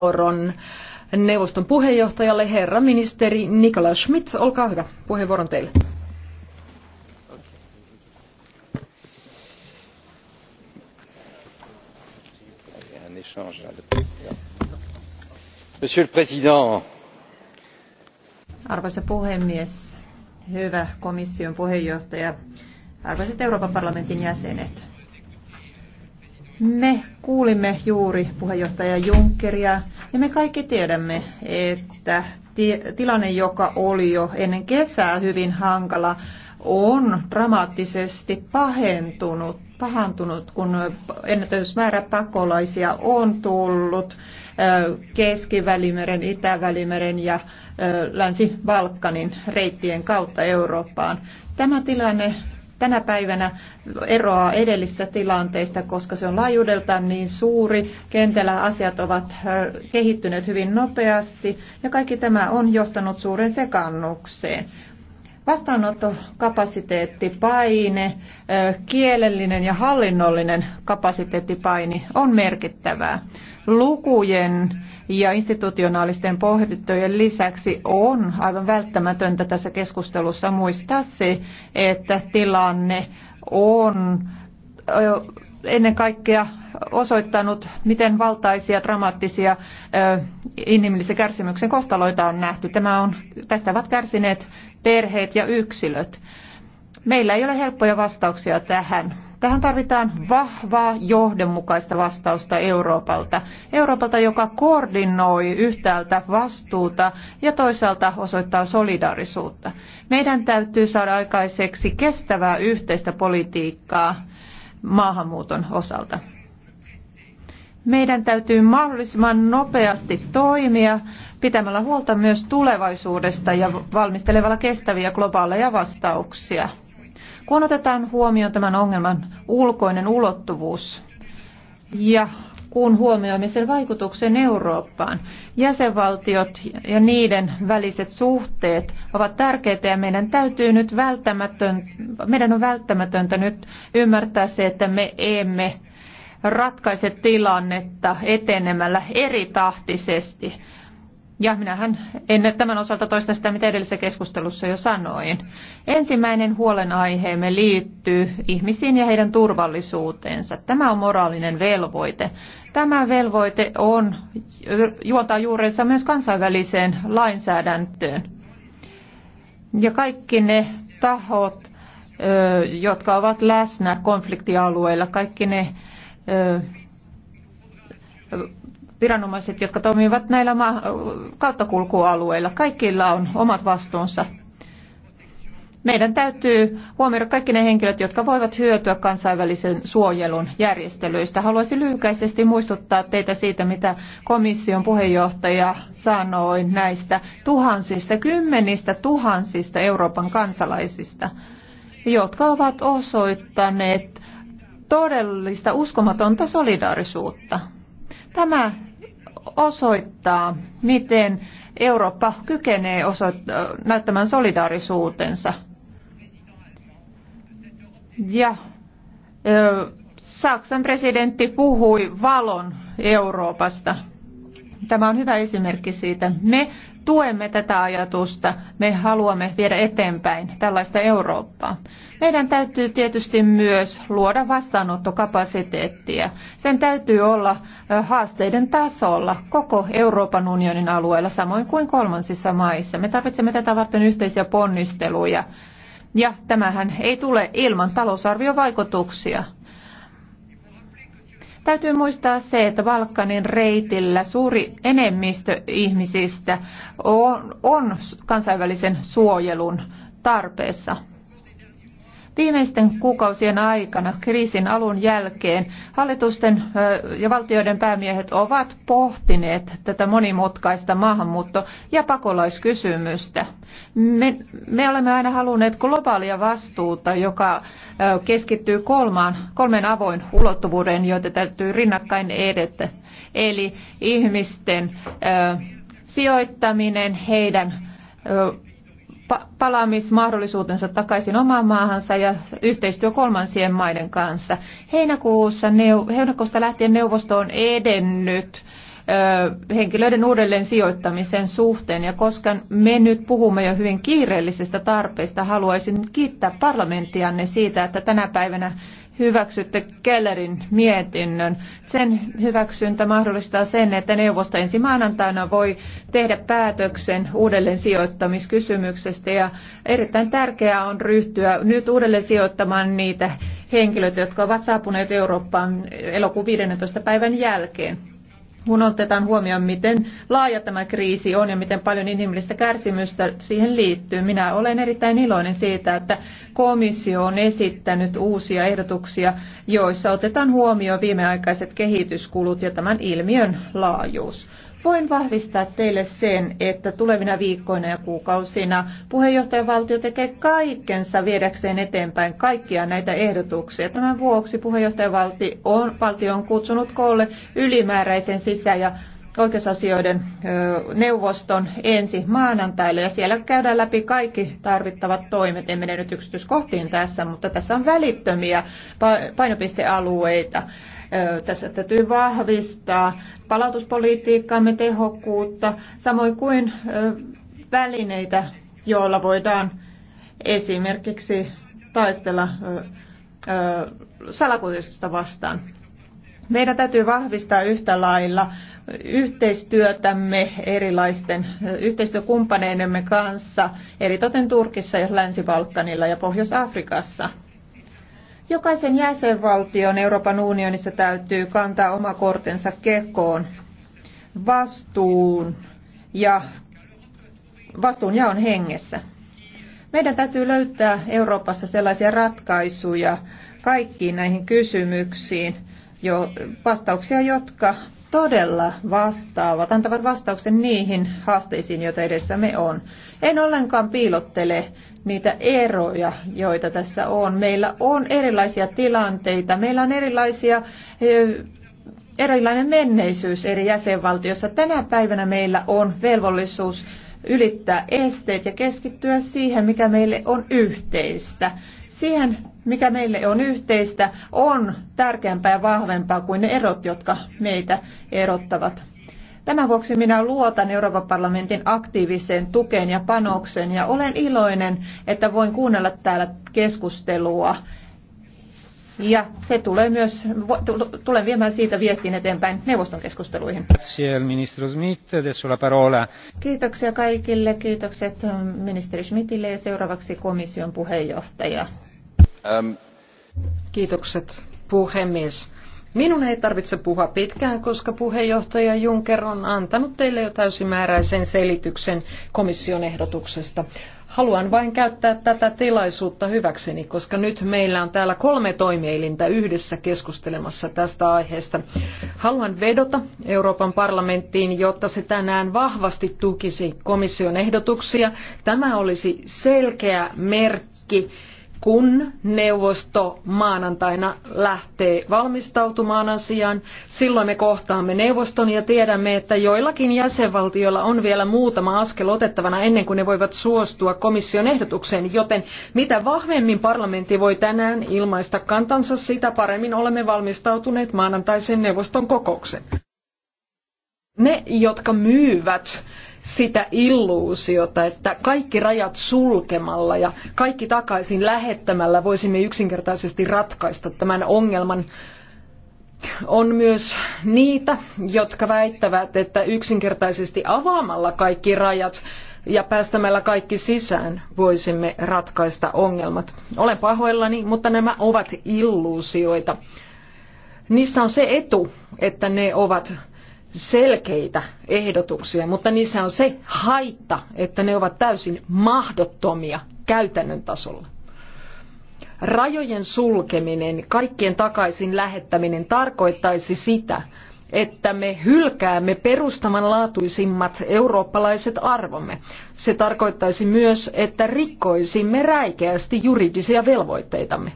puheenvuoron neuvoston puheenjohtajalle, herra ministeri Nikola Schmidt. Olkaa hyvä, puheenvuoron teille. Monsieur le Président. Arvoisa puhemies, hyvä komission puheenjohtaja, arvoisat Euroopan parlamentin jäsenet. Me kuulimme juuri puheenjohtaja Junckeria ja me kaikki tiedämme, että tilanne, joka oli jo ennen kesää hyvin hankala, on dramaattisesti pahentunut, pahantunut, kun ennätysmäärä pakolaisia on tullut Keski-Välimeren, Itä-Välimeren ja Länsi-Balkanin reittien kautta Eurooppaan. Tämä tilanne tänä päivänä eroaa edellistä tilanteista, koska se on laajuudeltaan niin suuri. Kentällä asiat ovat kehittyneet hyvin nopeasti ja kaikki tämä on johtanut suuren sekannukseen vastaanottokapasiteettipaine, kielellinen ja hallinnollinen kapasiteettipaini on merkittävää. Lukujen ja institutionaalisten pohdintojen lisäksi on aivan välttämätöntä tässä keskustelussa muistaa se, että tilanne on ennen kaikkea osoittanut, miten valtaisia, dramaattisia inhimillisen kärsimyksen kohtaloita on nähty. Tämä on, tästä ovat kärsineet perheet ja yksilöt. Meillä ei ole helppoja vastauksia tähän Tähän tarvitaan vahvaa, johdonmukaista vastausta Euroopalta. Euroopalta, joka koordinoi yhtäältä vastuuta ja toisaalta osoittaa solidaarisuutta. Meidän täytyy saada aikaiseksi kestävää yhteistä politiikkaa maahanmuuton osalta. Meidän täytyy mahdollisimman nopeasti toimia pitämällä huolta myös tulevaisuudesta ja valmistelemalla kestäviä globaaleja vastauksia. Kun otetaan huomioon tämän ongelman ulkoinen ulottuvuus ja kun huomioimme sen vaikutuksen Eurooppaan, jäsenvaltiot ja niiden väliset suhteet ovat tärkeitä ja meidän täytyy nyt välttämätön, meidän on välttämätöntä nyt ymmärtää se, että me emme ratkaise tilannetta etenemällä eritahtisesti. Ja minähän en tämän osalta toista sitä, mitä edellisessä keskustelussa jo sanoin. Ensimmäinen huolenaiheemme liittyy ihmisiin ja heidän turvallisuuteensa. Tämä on moraalinen velvoite. Tämä velvoite on, juontaa juurensa myös kansainväliseen lainsäädäntöön. Ja kaikki ne tahot, jotka ovat läsnä konfliktialueilla, kaikki ne viranomaiset, jotka toimivat näillä ma- kauttakulkualueilla. Kaikilla on omat vastuunsa. Meidän täytyy huomioida kaikki ne henkilöt, jotka voivat hyötyä kansainvälisen suojelun järjestelyistä. Haluaisin lyhykäisesti muistuttaa teitä siitä, mitä komission puheenjohtaja sanoi näistä tuhansista, kymmenistä tuhansista Euroopan kansalaisista, jotka ovat osoittaneet todellista uskomatonta solidaarisuutta. Tämä osoittaa, miten Eurooppa kykenee näyttämään solidaarisuutensa. Ja ö, Saksan presidentti puhui valon Euroopasta. Tämä on hyvä esimerkki siitä. Me tuemme tätä ajatusta. Me haluamme viedä eteenpäin tällaista Eurooppaa. Meidän täytyy tietysti myös luoda vastaanottokapasiteettia. Sen täytyy olla haasteiden tasolla koko Euroopan unionin alueella, samoin kuin kolmansissa maissa. Me tarvitsemme tätä varten yhteisiä ponnisteluja. Ja tämähän ei tule ilman talousarviovaikutuksia. Täytyy muistaa se, että Balkanin reitillä suuri enemmistö ihmisistä on, on kansainvälisen suojelun tarpeessa. Viimeisten kuukausien aikana kriisin alun jälkeen hallitusten ja valtioiden päämiehet ovat pohtineet tätä monimutkaista maahanmuutto- ja pakolaiskysymystä. Me, me olemme aina halunneet globaalia vastuuta, joka keskittyy kolmaan, kolmen avoin ulottuvuuden, joita täytyy rinnakkain edetä. Eli ihmisten ö, sijoittaminen, heidän ö, palaamismahdollisuutensa takaisin omaan maahansa ja yhteistyö kolmansien maiden kanssa. Heinäkuussa, heinäkuusta lähtien neuvosto on edennyt henkilöiden uudelleen sijoittamisen suhteen. Ja koska me nyt puhumme jo hyvin kiireellisistä tarpeista, haluaisin kiittää parlamenttianne siitä, että tänä päivänä hyväksytte Kellerin mietinnön. Sen hyväksyntä mahdollistaa sen, että neuvosto ensi maanantaina voi tehdä päätöksen uudelleen sijoittamiskysymyksestä ja erittäin tärkeää on ryhtyä nyt uudelleen sijoittamaan niitä henkilöitä, jotka ovat saapuneet Eurooppaan elokuun 15. päivän jälkeen kun otetaan huomioon, miten laaja tämä kriisi on ja miten paljon inhimillistä kärsimystä siihen liittyy. Minä olen erittäin iloinen siitä, että komissio on esittänyt uusia ehdotuksia, joissa otetaan huomioon viimeaikaiset kehityskulut ja tämän ilmiön laajuus. Voin vahvistaa teille sen, että tulevina viikkoina ja kuukausina puheenjohtajavaltio tekee kaikkensa viedäkseen eteenpäin kaikkia näitä ehdotuksia. Tämän vuoksi puheenjohtajavaltio on, valtio on kutsunut koolle ylimääräisen sisä- ja oikeusasioiden neuvoston ensi maanantaille ja siellä käydään läpi kaikki tarvittavat toimet. En mene nyt yksityiskohtiin tässä, mutta tässä on välittömiä painopistealueita. Tässä täytyy vahvistaa palautuspolitiikkaamme tehokkuutta, samoin kuin välineitä, joilla voidaan esimerkiksi taistella salakuljetusta vastaan. Meidän täytyy vahvistaa yhtä lailla yhteistyötämme erilaisten yhteistyökumppaneidemme kanssa, eritoten Turkissa ja Länsi-Balkanilla ja Pohjois-Afrikassa. Jokaisen jäsenvaltion Euroopan unionissa täytyy kantaa oma kortensa kekoon vastuun ja vastuun on hengessä. Meidän täytyy löytää Euroopassa sellaisia ratkaisuja kaikkiin näihin kysymyksiin, jo, vastauksia, jotka todella vastaavat, antavat vastauksen niihin haasteisiin, joita edessämme on. En ollenkaan piilottele niitä eroja, joita tässä on. Meillä on erilaisia tilanteita, meillä on erilaisia erilainen menneisyys eri jäsenvaltioissa. Tänä päivänä meillä on velvollisuus ylittää esteet ja keskittyä siihen, mikä meille on yhteistä. Siihen, mikä meille on yhteistä, on tärkeämpää ja vahvempaa kuin ne erot, jotka meitä erottavat. Tämän vuoksi minä luotan Euroopan parlamentin aktiiviseen tukeen ja panokseen ja olen iloinen, että voin kuunnella täällä keskustelua. Ja se tulee myös, tulen viemään siitä viestin eteenpäin neuvoston keskusteluihin. Kiitoksia kaikille, kiitokset ministeri Schmidtille ja seuraavaksi komission puheenjohtaja. Kiitokset puhemies. Minun ei tarvitse puhua pitkään, koska puheenjohtaja Juncker on antanut teille jo täysimääräisen selityksen komission ehdotuksesta. Haluan vain käyttää tätä tilaisuutta hyväkseni, koska nyt meillä on täällä kolme toimielintä yhdessä keskustelemassa tästä aiheesta. Haluan vedota Euroopan parlamenttiin, jotta se tänään vahvasti tukisi komission ehdotuksia. Tämä olisi selkeä merkki merkki kun neuvosto maanantaina lähtee valmistautumaan asiaan, silloin me kohtaamme neuvoston ja tiedämme, että joillakin jäsenvaltioilla on vielä muutama askel otettavana ennen kuin ne voivat suostua komission ehdotukseen, joten mitä vahvemmin parlamentti voi tänään ilmaista kantansa, sitä paremmin olemme valmistautuneet maanantaisen neuvoston kokoukseen. Ne, jotka myyvät sitä illuusiota, että kaikki rajat sulkemalla ja kaikki takaisin lähettämällä voisimme yksinkertaisesti ratkaista tämän ongelman. On myös niitä, jotka väittävät, että yksinkertaisesti avaamalla kaikki rajat ja päästämällä kaikki sisään voisimme ratkaista ongelmat. Olen pahoillani, mutta nämä ovat illuusioita. Niissä on se etu, että ne ovat selkeitä ehdotuksia, mutta niissä on se haitta, että ne ovat täysin mahdottomia käytännön tasolla. Rajojen sulkeminen, kaikkien takaisin lähettäminen tarkoittaisi sitä, että me hylkäämme perustavanlaatuisimmat eurooppalaiset arvomme. Se tarkoittaisi myös, että rikkoisimme räikeästi juridisia velvoitteitamme.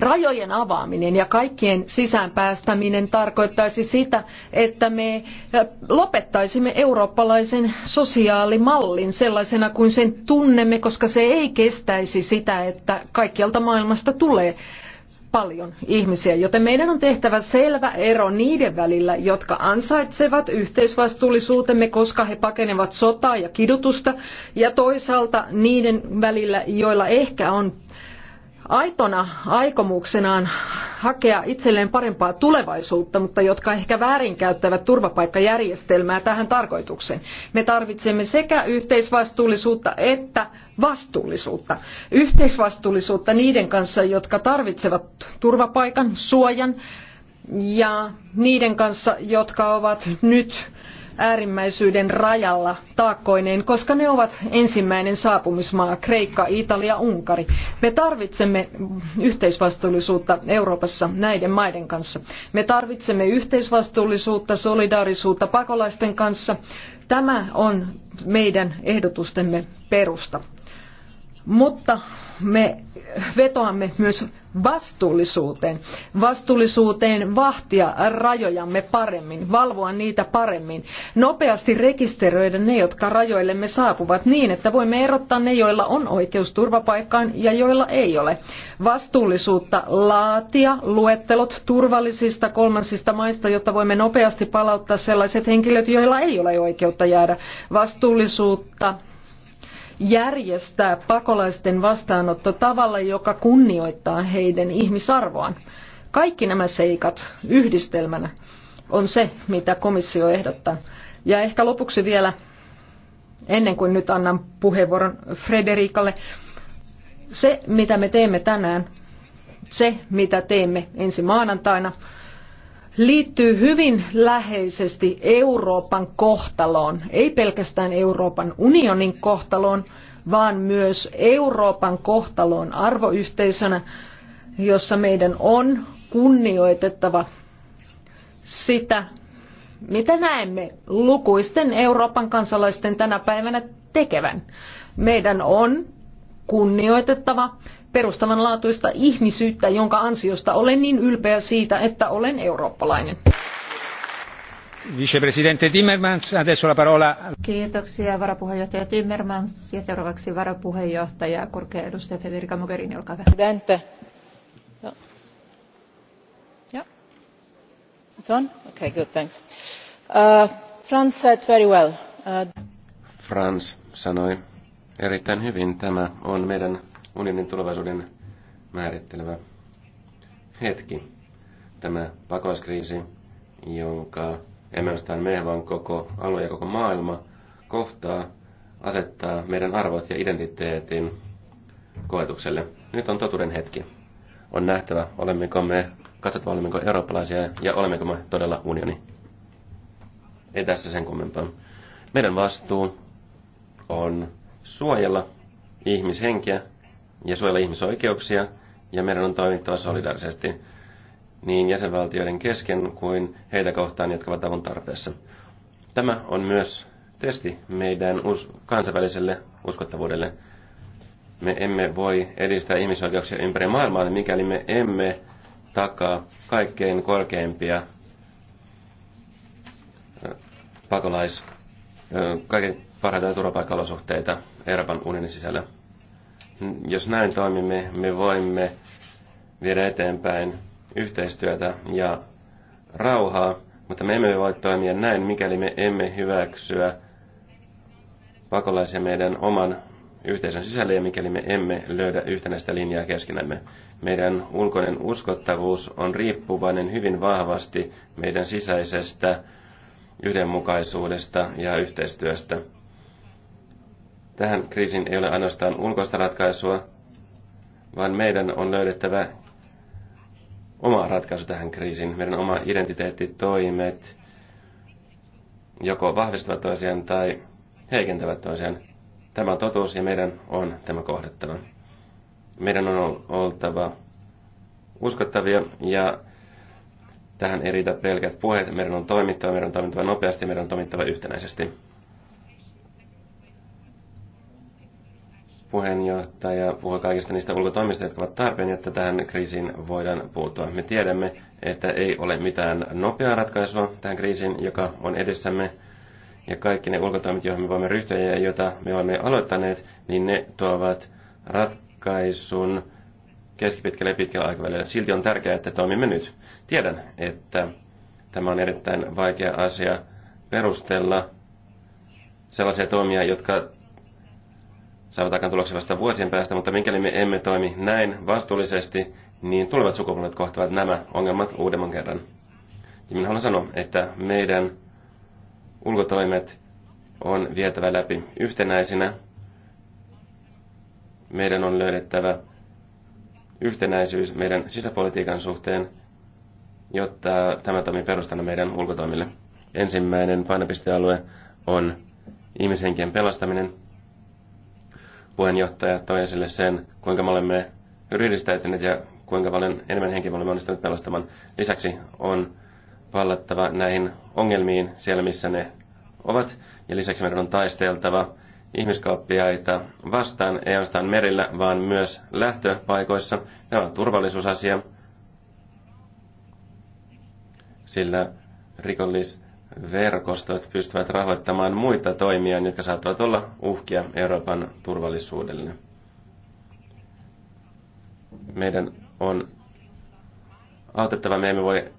Rajojen avaaminen ja kaikkien sisään päästäminen tarkoittaisi sitä, että me äh, lopettaisimme eurooppalaisen sosiaalimallin sellaisena kuin sen tunnemme, koska se ei kestäisi sitä, että kaikkialta maailmasta tulee paljon ihmisiä, joten meidän on tehtävä selvä ero niiden välillä, jotka ansaitsevat yhteisvastuullisuutemme, koska he pakenevat sotaa ja kidutusta, ja toisaalta niiden välillä, joilla ehkä on aitona aikomuksenaan hakea itselleen parempaa tulevaisuutta, mutta jotka ehkä väärinkäyttävät turvapaikkajärjestelmää tähän tarkoitukseen. Me tarvitsemme sekä yhteisvastuullisuutta että vastuullisuutta. Yhteisvastuullisuutta niiden kanssa, jotka tarvitsevat turvapaikan, suojan ja niiden kanssa, jotka ovat nyt äärimmäisyyden rajalla taakkoineen, koska ne ovat ensimmäinen saapumismaa, Kreikka, Italia, Unkari. Me tarvitsemme yhteisvastuullisuutta Euroopassa näiden maiden kanssa. Me tarvitsemme yhteisvastuullisuutta, solidaarisuutta pakolaisten kanssa. Tämä on meidän ehdotustemme perusta. Mutta me vetoamme myös vastuullisuuteen. Vastuullisuuteen vahtia rajojamme paremmin, valvoa niitä paremmin, nopeasti rekisteröidä ne, jotka rajoillemme saapuvat niin, että voimme erottaa ne, joilla on oikeus turvapaikkaan ja joilla ei ole. Vastuullisuutta laatia luettelot turvallisista kolmansista maista, jotta voimme nopeasti palauttaa sellaiset henkilöt, joilla ei ole oikeutta jäädä. Vastuullisuutta järjestää pakolaisten vastaanotto tavalla, joka kunnioittaa heidän ihmisarvoaan. Kaikki nämä seikat yhdistelmänä on se, mitä komissio ehdottaa. Ja ehkä lopuksi vielä, ennen kuin nyt annan puheenvuoron Frederikalle, se mitä me teemme tänään, se mitä teemme ensi maanantaina, liittyy hyvin läheisesti Euroopan kohtaloon, ei pelkästään Euroopan unionin kohtaloon, vaan myös Euroopan kohtaloon arvoyhteisönä, jossa meidän on kunnioitettava sitä, mitä näemme lukuisten Euroopan kansalaisten tänä päivänä tekevän. Meidän on kunnioitettava perustavanlaatuista ihmisyyttä, jonka ansiosta olen niin ylpeä siitä, että olen eurooppalainen. Vicepresidente Timmermans, adesso la parola. Kiitoksia varapuheenjohtaja Timmermans ja seuraavaksi varapuheenjohtaja korkea edustaja Federica Mogherini, olkaa hyvä. Presidente. No. Yeah. It's on? Okay, good, thanks. Uh, Franz said very well. Uh... Franz sanoi erittäin hyvin. Tämä on meidän unionin tulevaisuuden määrittelevä hetki. Tämä pakolaiskriisi, jonka emme me, vaan koko alue ja koko maailma kohtaa, asettaa meidän arvot ja identiteetin koetukselle. Nyt on totuuden hetki. On nähtävä, olemmeko me, katsotaan olemmeko eurooppalaisia ja olemmeko me todella unioni. Ei tässä sen kummempaa. Meidän vastuu on suojella ihmishenkiä ja suojella ihmisoikeuksia, ja meidän on toimittava solidaarisesti niin jäsenvaltioiden kesken kuin heitä kohtaan, jotka ovat avun tarpeessa. Tämä on myös testi meidän us- kansainväliselle uskottavuudelle. Me emme voi edistää ihmisoikeuksia ympäri maailmaa, niin mikäli me emme takaa kaikkein korkeimpia pakolais, kaikkein parhaita turvapaikkaolosuhteita Euroopan unionin sisällä. Jos näin toimimme, me voimme viedä eteenpäin yhteistyötä ja rauhaa, mutta me emme voi toimia näin, mikäli me emme hyväksyä pakolaisia meidän oman yhteisön sisälle ja mikäli me emme löydä yhtenäistä linjaa keskenämme. Meidän ulkoinen uskottavuus on riippuvainen hyvin vahvasti meidän sisäisestä yhdenmukaisuudesta ja yhteistyöstä. Tähän kriisiin ei ole ainoastaan ulkoista ratkaisua, vaan meidän on löydettävä oma ratkaisu tähän kriisiin, meidän oma identiteettitoimet joko vahvistavat toisiaan tai heikentävät toisiaan. Tämä on totuus ja meidän on tämä kohdattava. Meidän on oltava uskottavia ja tähän ei riitä pelkät puheet. Meidän on toimittava, meidän on toimittava nopeasti, meidän on toimittava yhtenäisesti. puheenjohtaja puhui kaikista niistä ulkotoimista, jotka ovat tarpeen, että tähän kriisiin voidaan puuttua. Me tiedämme, että ei ole mitään nopeaa ratkaisua tähän kriisiin, joka on edessämme. Ja kaikki ne ulkotoimet, joihin me voimme ryhtyä ja joita me olemme aloittaneet, niin ne tuovat ratkaisun keskipitkällä ja pitkällä aikavälillä. Silti on tärkeää, että toimimme nyt. Tiedän, että tämä on erittäin vaikea asia perustella sellaisia toimia, jotka saavutaankaan tuloksia vasta vuosien päästä, mutta mikäli me emme toimi näin vastuullisesti, niin tulevat sukupolvet kohtavat nämä ongelmat uudemman kerran. Ja minä haluan sanoa, että meidän ulkotoimet on vietävä läpi yhtenäisinä. Meidän on löydettävä yhtenäisyys meidän sisäpolitiikan suhteen, jotta tämä toimii perustana meidän ulkotoimille. Ensimmäinen painopistealue on ihmishenkien pelastaminen – puheenjohtaja toi esille sen, kuinka me olemme ryhdistäytyneet ja kuinka paljon enemmän henkiä me olemme onnistuneet pelastamaan. Lisäksi on vallattava näihin ongelmiin siellä, missä ne ovat. Ja lisäksi meidän on taisteltava ihmiskauppiaita vastaan, ei ainoastaan merillä, vaan myös lähtöpaikoissa. Tämä on turvallisuusasia, sillä rikollis verkostot pystyvät rahoittamaan muita toimia, jotka saattavat olla uhkia Euroopan turvallisuudelle. Meidän on autettava, me emme voi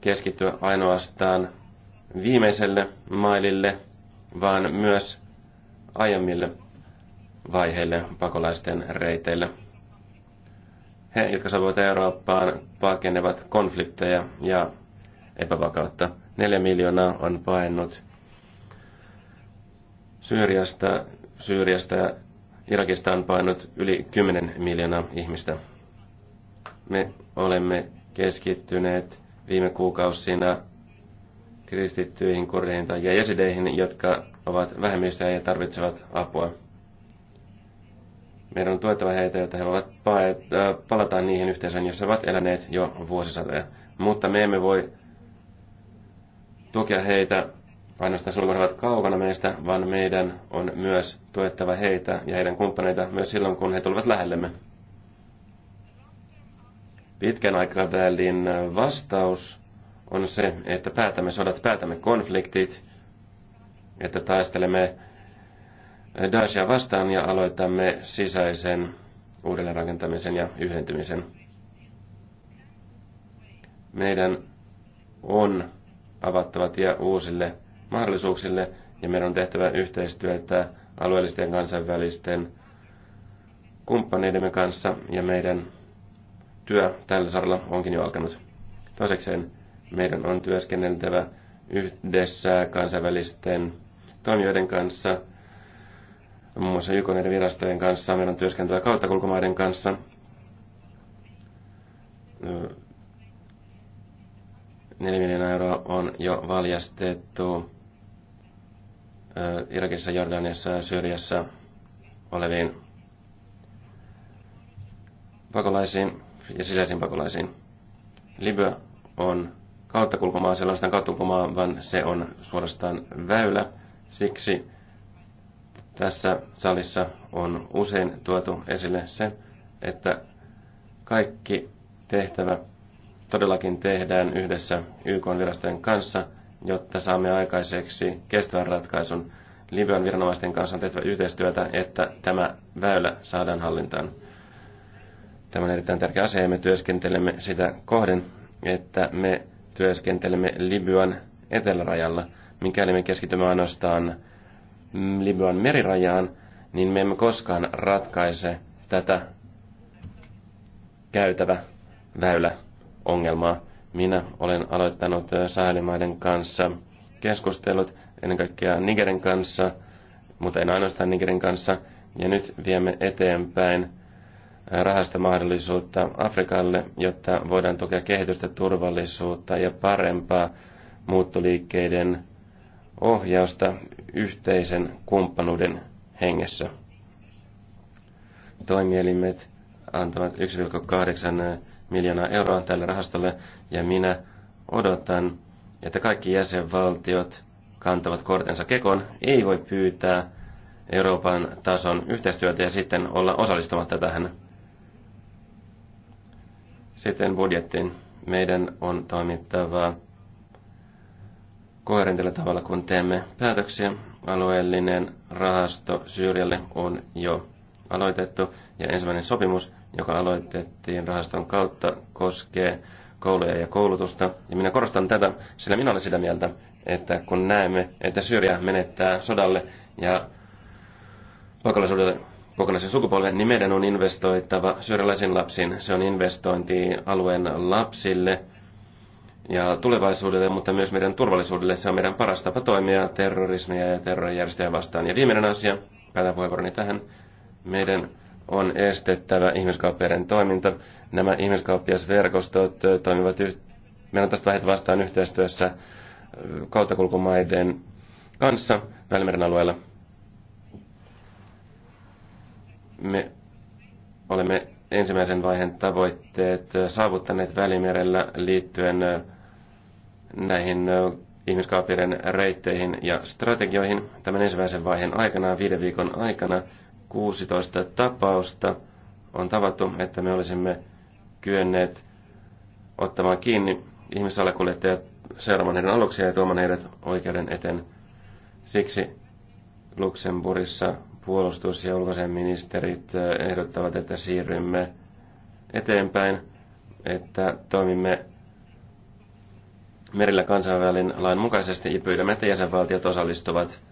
keskittyä ainoastaan viimeiselle mailille, vaan myös aiemmille vaiheille pakolaisten reiteille. He, jotka saavat Eurooppaan, pakenevat konflikteja ja epävakautta. Neljä miljoonaa on paennut Syyriasta, Syyriasta ja Irakista on paennut yli 10 miljoonaa ihmistä. Me olemme keskittyneet viime kuukausina kristittyihin, kurdeihin tai jesideihin, jotka ovat vähemmistöjä ja tarvitsevat apua. Meidän on tuettava heitä, jotta he voivat palata niihin yhteisöön, jossa ovat eläneet jo vuosisatoja. Mutta me emme voi tukea heitä ainoastaan silloin, kun he ovat kaukana meistä, vaan meidän on myös tuettava heitä ja heidän kumppaneita myös silloin, kun he tulevat lähellemme. Pitkän aikavälin vastaus on se, että päätämme sodat, päätämme konfliktit, että taistelemme Daeshia vastaan ja aloitamme sisäisen uudelleenrakentamisen ja yhdentymisen. Meidän on avattava tie uusille mahdollisuuksille ja meidän on tehtävä yhteistyötä alueellisten kansainvälisten kumppaneidemme kanssa ja meidän työ tällä saralla onkin jo alkanut. Toisekseen meidän on työskenneltävä yhdessä kansainvälisten toimijoiden kanssa, muun muassa YK virastojen kanssa, meidän on kautta kulkumaiden kanssa, 4 miljoonaa euroa on jo valjastettu Irakissa, Jordaniassa ja Syyriassa oleviin pakolaisiin ja sisäisiin pakolaisiin. Libya on kauttakulkumaa, sellaista kauttakulkumaa, vaan se on suorastaan väylä. Siksi tässä salissa on usein tuotu esille se, että kaikki tehtävä todellakin tehdään yhdessä YK-virastojen kanssa, jotta saamme aikaiseksi kestävän ratkaisun Libyan viranomaisten kanssa tehtävä yhteistyötä, että tämä väylä saadaan hallintaan. Tämä on erittäin tärkeä asia ja me työskentelemme sitä kohden, että me työskentelemme Libyan etelärajalla. Mikäli me keskitymme ainoastaan Libyan merirajaan, niin me emme koskaan ratkaise tätä käytävä väylä ongelmaa. Minä olen aloittanut äh, sahelimaiden kanssa keskustelut, ennen kaikkea Nigerin kanssa, mutta en ainoastaan Nigerin kanssa. Ja nyt viemme eteenpäin äh, mahdollisuutta Afrikalle, jotta voidaan tukea kehitystä, turvallisuutta ja parempaa muuttoliikkeiden ohjausta yhteisen kumppanuuden hengessä. Toimielimet antavat 1,8 miljoonaa euroa tälle rahastolle, ja minä odotan, että kaikki jäsenvaltiot kantavat kortensa kekon. Ei voi pyytää Euroopan tason yhteistyötä ja sitten olla osallistumatta tähän. Sitten budjettiin. Meidän on toimittava koherentilla tavalla, kun teemme päätöksiä. Alueellinen rahasto Syyrialle on jo aloitettu ja ensimmäinen sopimus joka aloitettiin rahaston kautta, koskee kouluja ja koulutusta. Ja minä korostan tätä, sillä minä olen sitä mieltä, että kun näemme, että Syyria menettää sodalle ja pakolaisuudelle kokonaisen sukupolven, niin meidän on investoittava syyrialaisiin lapsiin. Se on investointi alueen lapsille ja tulevaisuudelle, mutta myös meidän turvallisuudelle. Se on meidän paras tapa toimia terrorismia ja terrorijärjestöjä vastaan. Ja viimeinen asia, päätän puheenvuoroni tähän, meidän on estettävä ihmiskauppiaiden toiminta. Nämä ihmiskauppiasverkostot toimivat, yh- meillä on tästä vaiheesta vastaan yhteistyössä kauttakulkumaiden kanssa Välimeren alueella. Me olemme ensimmäisen vaiheen tavoitteet saavuttaneet Välimerellä liittyen näihin ihmiskauppiaiden reitteihin ja strategioihin. Tämän ensimmäisen vaiheen aikana, viiden viikon aikana, 16 tapausta on tavattu, että me olisimme kyenneet ottamaan kiinni ihmisalakuljettajat seuraamaan heidän aluksia ja tuomaan heidät oikeuden eteen. Siksi Luxemburgissa puolustus- ja ulkoasiaministerit eh, ehdottavat, että siirrymme eteenpäin, että toimimme merillä kansainvälin lain mukaisesti ja pyydämme, että jäsenvaltiot osallistuvat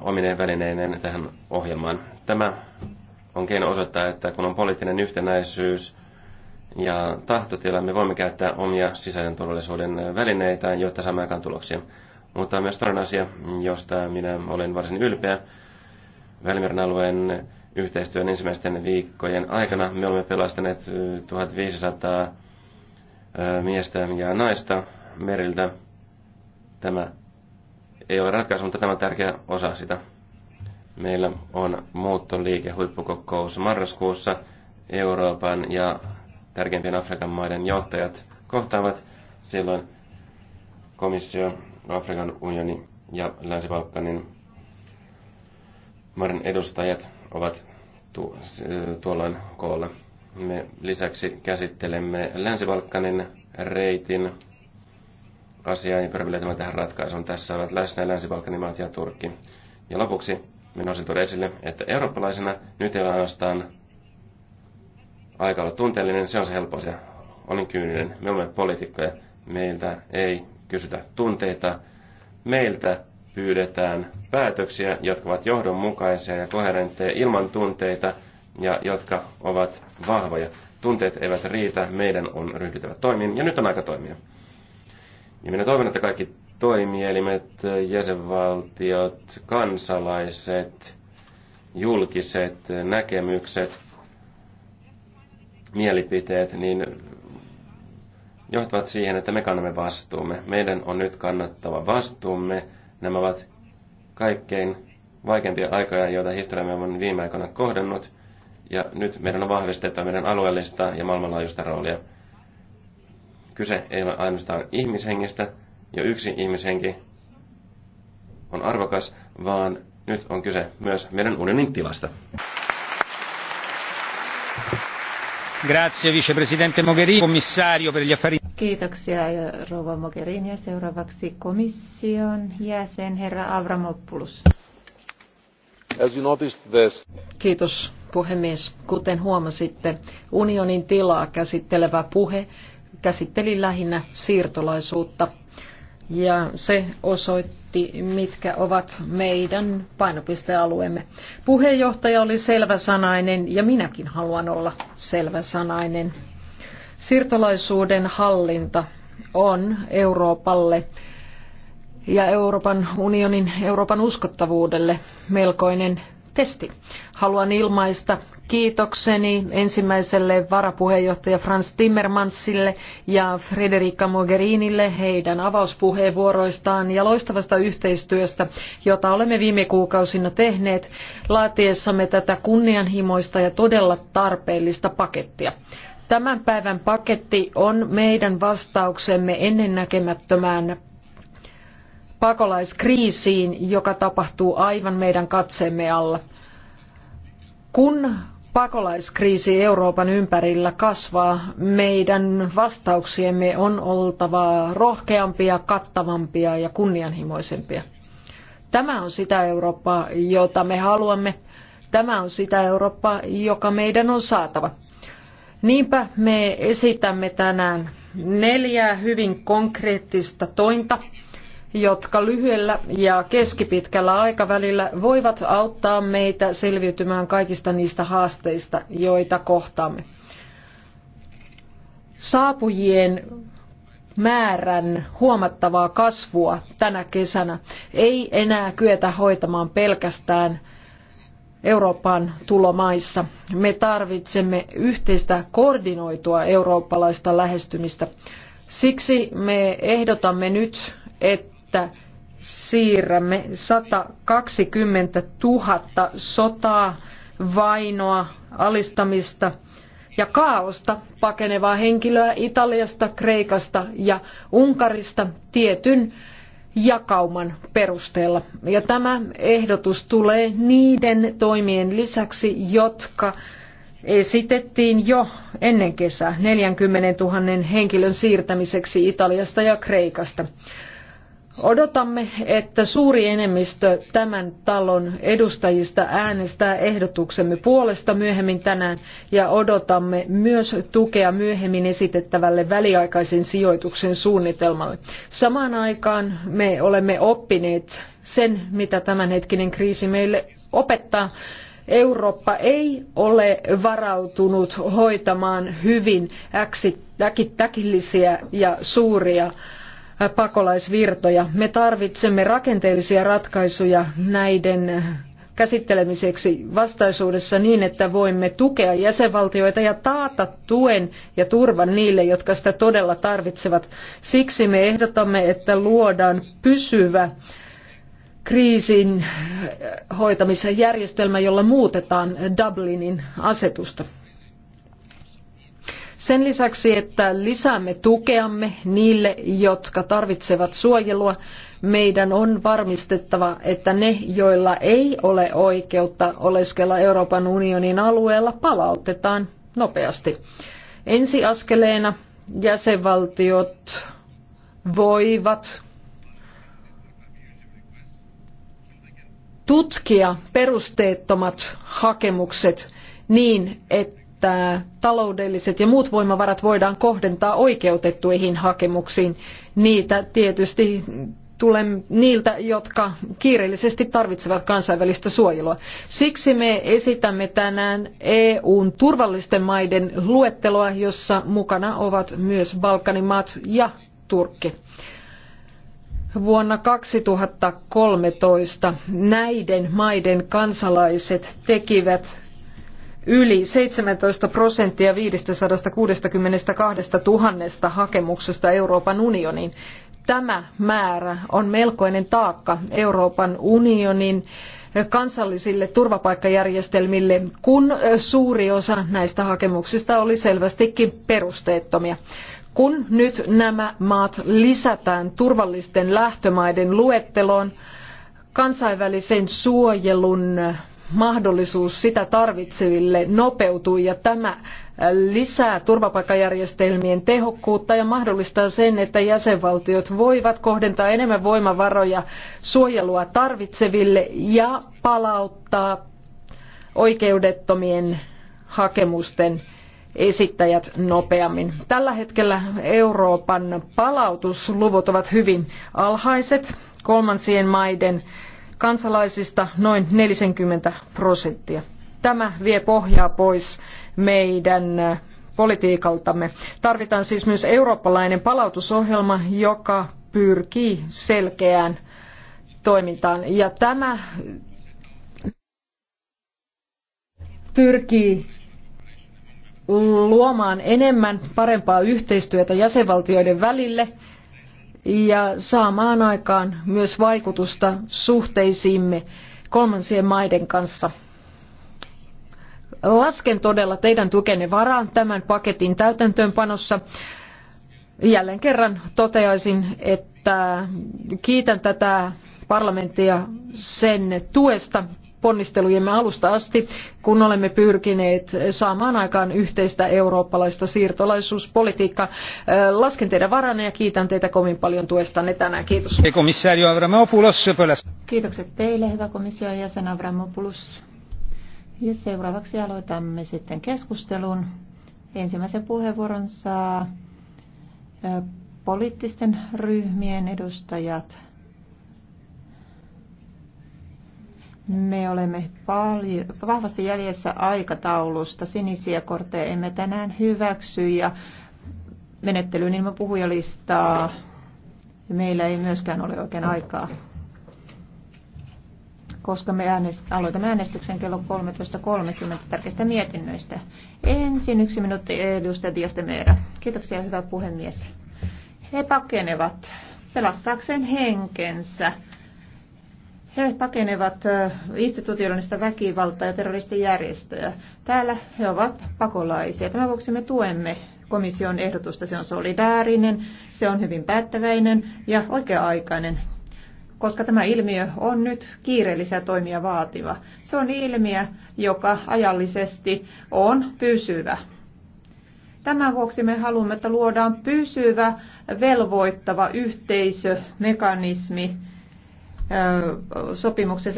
omineen välineineen tähän ohjelmaan. Tämä on keino osoittaa, että kun on poliittinen yhtenäisyys ja tahtotila, me voimme käyttää omia sisäisen turvallisuuden välineitä, jotta saamme aikaan tuloksia. Mutta myös toinen asia, josta minä olen varsin ylpeä, Välimeren alueen yhteistyön ensimmäisten viikkojen aikana me olemme pelastaneet 1500 miestä ja naista meriltä. Tämä ei ole ratkaisu, mutta tämä on tärkeä osa sitä. Meillä on huippukokous marraskuussa. Euroopan ja tärkeimpien Afrikan maiden johtajat kohtaavat. Silloin komissio, Afrikan unioni ja Länsi-Balkanin maiden edustajat ovat tu- tuolloin koolla. Me lisäksi käsittelemme Länsi-Balkanin reitin asiaa ja pyrimme löytämään tähän ratkaisun. Tässä ovat läsnä Länsi-Balkanin maat ja Turkki. Ja lopuksi minä olisin tuoda esille, että eurooppalaisena nyt ei ole ainoastaan aika olla tunteellinen, se on se helppo asia. Olin kyyninen, me olemme poliitikkoja, meiltä ei kysytä tunteita, meiltä pyydetään päätöksiä, jotka ovat johdonmukaisia ja koherentteja ilman tunteita ja jotka ovat vahvoja. Tunteet eivät riitä, meidän on ryhdyttävä toimiin ja nyt on aika toimia. Ja niin minä toivon, että kaikki toimielimet, jäsenvaltiot, kansalaiset, julkiset näkemykset, mielipiteet, niin johtavat siihen, että me kannamme vastuumme. Meidän on nyt kannattava vastuumme. Nämä ovat kaikkein vaikeimpia aikoja, joita historiamme on viime aikoina kohdannut. Ja nyt meidän on vahvistettava meidän alueellista ja maailmanlaajuista roolia. Kyse ei ole ainoastaan ihmishengestä, jo yksi ihmishenki on arvokas, vaan nyt on kyse myös meidän unionin tilasta. Grazie vicepresidente Mogherini, commissario per gli affari. Kiitoksia rouva Mogherini ja seuraavaksi komission jäsen herra Avramopoulos. As you this. Kiitos puhemies. Kuten huomasitte, unionin tilaa käsittelevä puhe käsitteli lähinnä siirtolaisuutta. Ja se osoitti, mitkä ovat meidän painopistealueemme. Puheenjohtaja oli selväsanainen ja minäkin haluan olla selväsanainen. Siirtolaisuuden hallinta on Euroopalle ja Euroopan unionin Euroopan uskottavuudelle melkoinen testi. Haluan ilmaista kiitokseni ensimmäiselle varapuheenjohtaja Franz Timmermansille ja Frederica Mogherinille heidän avauspuheenvuoroistaan ja loistavasta yhteistyöstä, jota olemme viime kuukausina tehneet laatiessamme tätä kunnianhimoista ja todella tarpeellista pakettia. Tämän päivän paketti on meidän vastauksemme ennennäkemättömään pakolaiskriisiin, joka tapahtuu aivan meidän katseemme alla. Kun pakolaiskriisi Euroopan ympärillä kasvaa, meidän vastauksiemme on oltava rohkeampia, kattavampia ja kunnianhimoisempia. Tämä on sitä Eurooppaa, jota me haluamme. Tämä on sitä Eurooppaa, joka meidän on saatava. Niinpä me esitämme tänään neljää hyvin konkreettista tointa, jotka lyhyellä ja keskipitkällä aikavälillä voivat auttaa meitä selviytymään kaikista niistä haasteista, joita kohtaamme. Saapujien määrän huomattavaa kasvua tänä kesänä ei enää kyetä hoitamaan pelkästään Euroopan tulomaissa. Me tarvitsemme yhteistä koordinoitua eurooppalaista lähestymistä. Siksi me ehdotamme nyt, että että siirrämme 120 000 sotaa, vainoa, alistamista ja kaaosta pakenevaa henkilöä Italiasta, Kreikasta ja Unkarista tietyn jakauman perusteella. Ja tämä ehdotus tulee niiden toimien lisäksi, jotka esitettiin jo ennen kesää 40 000 henkilön siirtämiseksi Italiasta ja Kreikasta. Odotamme, että suuri enemmistö tämän talon edustajista äänestää ehdotuksemme puolesta myöhemmin tänään ja odotamme myös tukea myöhemmin esitettävälle väliaikaisen sijoituksen suunnitelmalle. Samaan aikaan me olemme oppineet sen, mitä tämänhetkinen kriisi meille opettaa. Eurooppa ei ole varautunut hoitamaan hyvin äkillisiä ja suuria pakolaisvirtoja. Me tarvitsemme rakenteellisia ratkaisuja näiden käsittelemiseksi vastaisuudessa niin, että voimme tukea jäsenvaltioita ja taata tuen ja turvan niille, jotka sitä todella tarvitsevat. Siksi me ehdotamme, että luodaan pysyvä kriisin hoitamisen järjestelmä, jolla muutetaan Dublinin asetusta. Sen lisäksi, että lisäämme tukeamme niille, jotka tarvitsevat suojelua, meidän on varmistettava, että ne, joilla ei ole oikeutta oleskella Euroopan unionin alueella, palautetaan nopeasti. Ensiaskeleena jäsenvaltiot voivat tutkia perusteettomat hakemukset niin, että että taloudelliset ja muut voimavarat voidaan kohdentaa oikeutettuihin hakemuksiin. Niitä tietysti tulee niiltä, jotka kiireellisesti tarvitsevat kansainvälistä suojelua. Siksi me esitämme tänään EUn turvallisten maiden luetteloa, jossa mukana ovat myös Balkanin maat ja Turkki vuonna 2013 näiden maiden kansalaiset tekivät yli 17 prosenttia 562 000 hakemuksesta Euroopan unioniin. Tämä määrä on melkoinen taakka Euroopan unionin kansallisille turvapaikkajärjestelmille, kun suuri osa näistä hakemuksista oli selvästikin perusteettomia. Kun nyt nämä maat lisätään turvallisten lähtömaiden luetteloon, kansainvälisen suojelun mahdollisuus sitä tarvitseville nopeutui ja tämä äh, lisää turvapaikkajärjestelmien tehokkuutta ja mahdollistaa sen, että jäsenvaltiot voivat kohdentaa enemmän voimavaroja suojelua tarvitseville ja palauttaa oikeudettomien hakemusten esittäjät nopeammin. Tällä hetkellä Euroopan palautusluvut ovat hyvin alhaiset kolmansien maiden kansalaisista noin 40 prosenttia. Tämä vie pohjaa pois meidän politiikaltamme. Tarvitaan siis myös eurooppalainen palautusohjelma, joka pyrkii selkeään toimintaan. Ja tämä pyrkii luomaan enemmän parempaa yhteistyötä jäsenvaltioiden välille – ja saamaan aikaan myös vaikutusta suhteisiimme kolmansien maiden kanssa. Lasken todella teidän tukenne varaan tämän paketin täytäntöönpanossa. Jälleen kerran toteaisin, että kiitän tätä parlamenttia sen tuesta ponnistelujemme alusta asti, kun olemme pyrkineet saamaan aikaan yhteistä eurooppalaista siirtolaisuuspolitiikkaa. Lasken teidän varanne ja kiitän teitä kovin paljon tuestanne tänään. Kiitos. E Kiitokset teille, hyvä komission jäsen Avramopoulos. Ja seuraavaksi aloitamme sitten keskustelun. Ensimmäisen puheenvuoron saa poliittisten ryhmien edustajat. Me olemme paljon, vahvasti jäljessä aikataulusta. Sinisiä kortteja emme tänään hyväksy ja menettelyyn ilman puhujalistaa meillä ei myöskään ole oikein aikaa koska me äänest- aloitamme äänestyksen kello 13.30 tärkeistä mietinnöistä. Ensin yksi minuutti edustaja Diastemera. Kiitoksia, hyvä puhemies. He pakenevat pelastaakseen henkensä he pakenevat institutionaalista väkivaltaa ja terroristijärjestöjä. Täällä he ovat pakolaisia. Tämän vuoksi me tuemme komission ehdotusta. Se on solidaarinen, se on hyvin päättäväinen ja oikea-aikainen, koska tämä ilmiö on nyt kiireellisiä toimia vaativa. Se on ilmiö, joka ajallisesti on pysyvä. Tämän vuoksi me haluamme, että luodaan pysyvä, velvoittava yhteisömekanismi, sopimuksen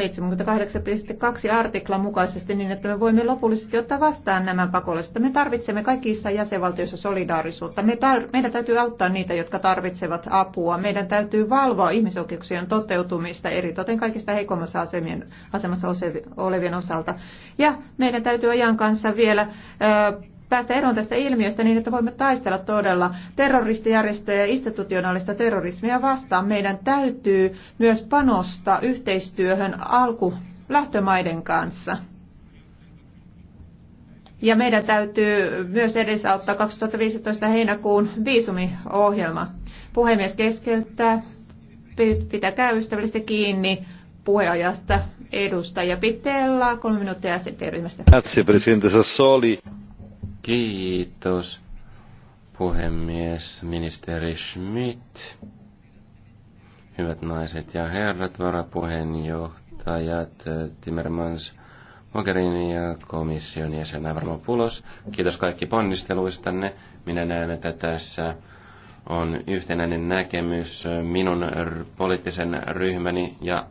78.2 artiklan mukaisesti niin, että me voimme lopullisesti ottaa vastaan nämä pakolaiset. Me tarvitsemme kaikissa jäsenvaltioissa solidaarisuutta. Me tar- meidän täytyy auttaa niitä, jotka tarvitsevat apua. Meidän täytyy valvoa ihmisoikeuksien toteutumista eri toten kaikista heikommassa asemien, asemassa olevien osalta. Ja meidän täytyy ajan kanssa vielä ö, päästä eroon tästä ilmiöstä niin, että voimme taistella todella terroristijärjestöjä ja institutionaalista terrorismia vastaan. Meidän täytyy myös panostaa yhteistyöhön alku lähtömaiden kanssa. Ja meidän täytyy myös edesauttaa 2015 heinäkuun viisumiohjelma. Puhemies keskeyttää. Pitäkää ystävällisesti kiinni puheajasta edustaja Pitella, kolme minuuttia ST-ryhmästä. Grazie, presidente Sassoli. Kiitos, puhemies, ministeri Schmidt. Hyvät naiset ja herrat, varapuheenjohtajat Timmermans, Mogherini ja komission jäsen Avramo Pulos. Kiitos kaikki ponnisteluistanne. Minä näen, että tässä on yhtenäinen näkemys minun poliittisen ryhmäni ja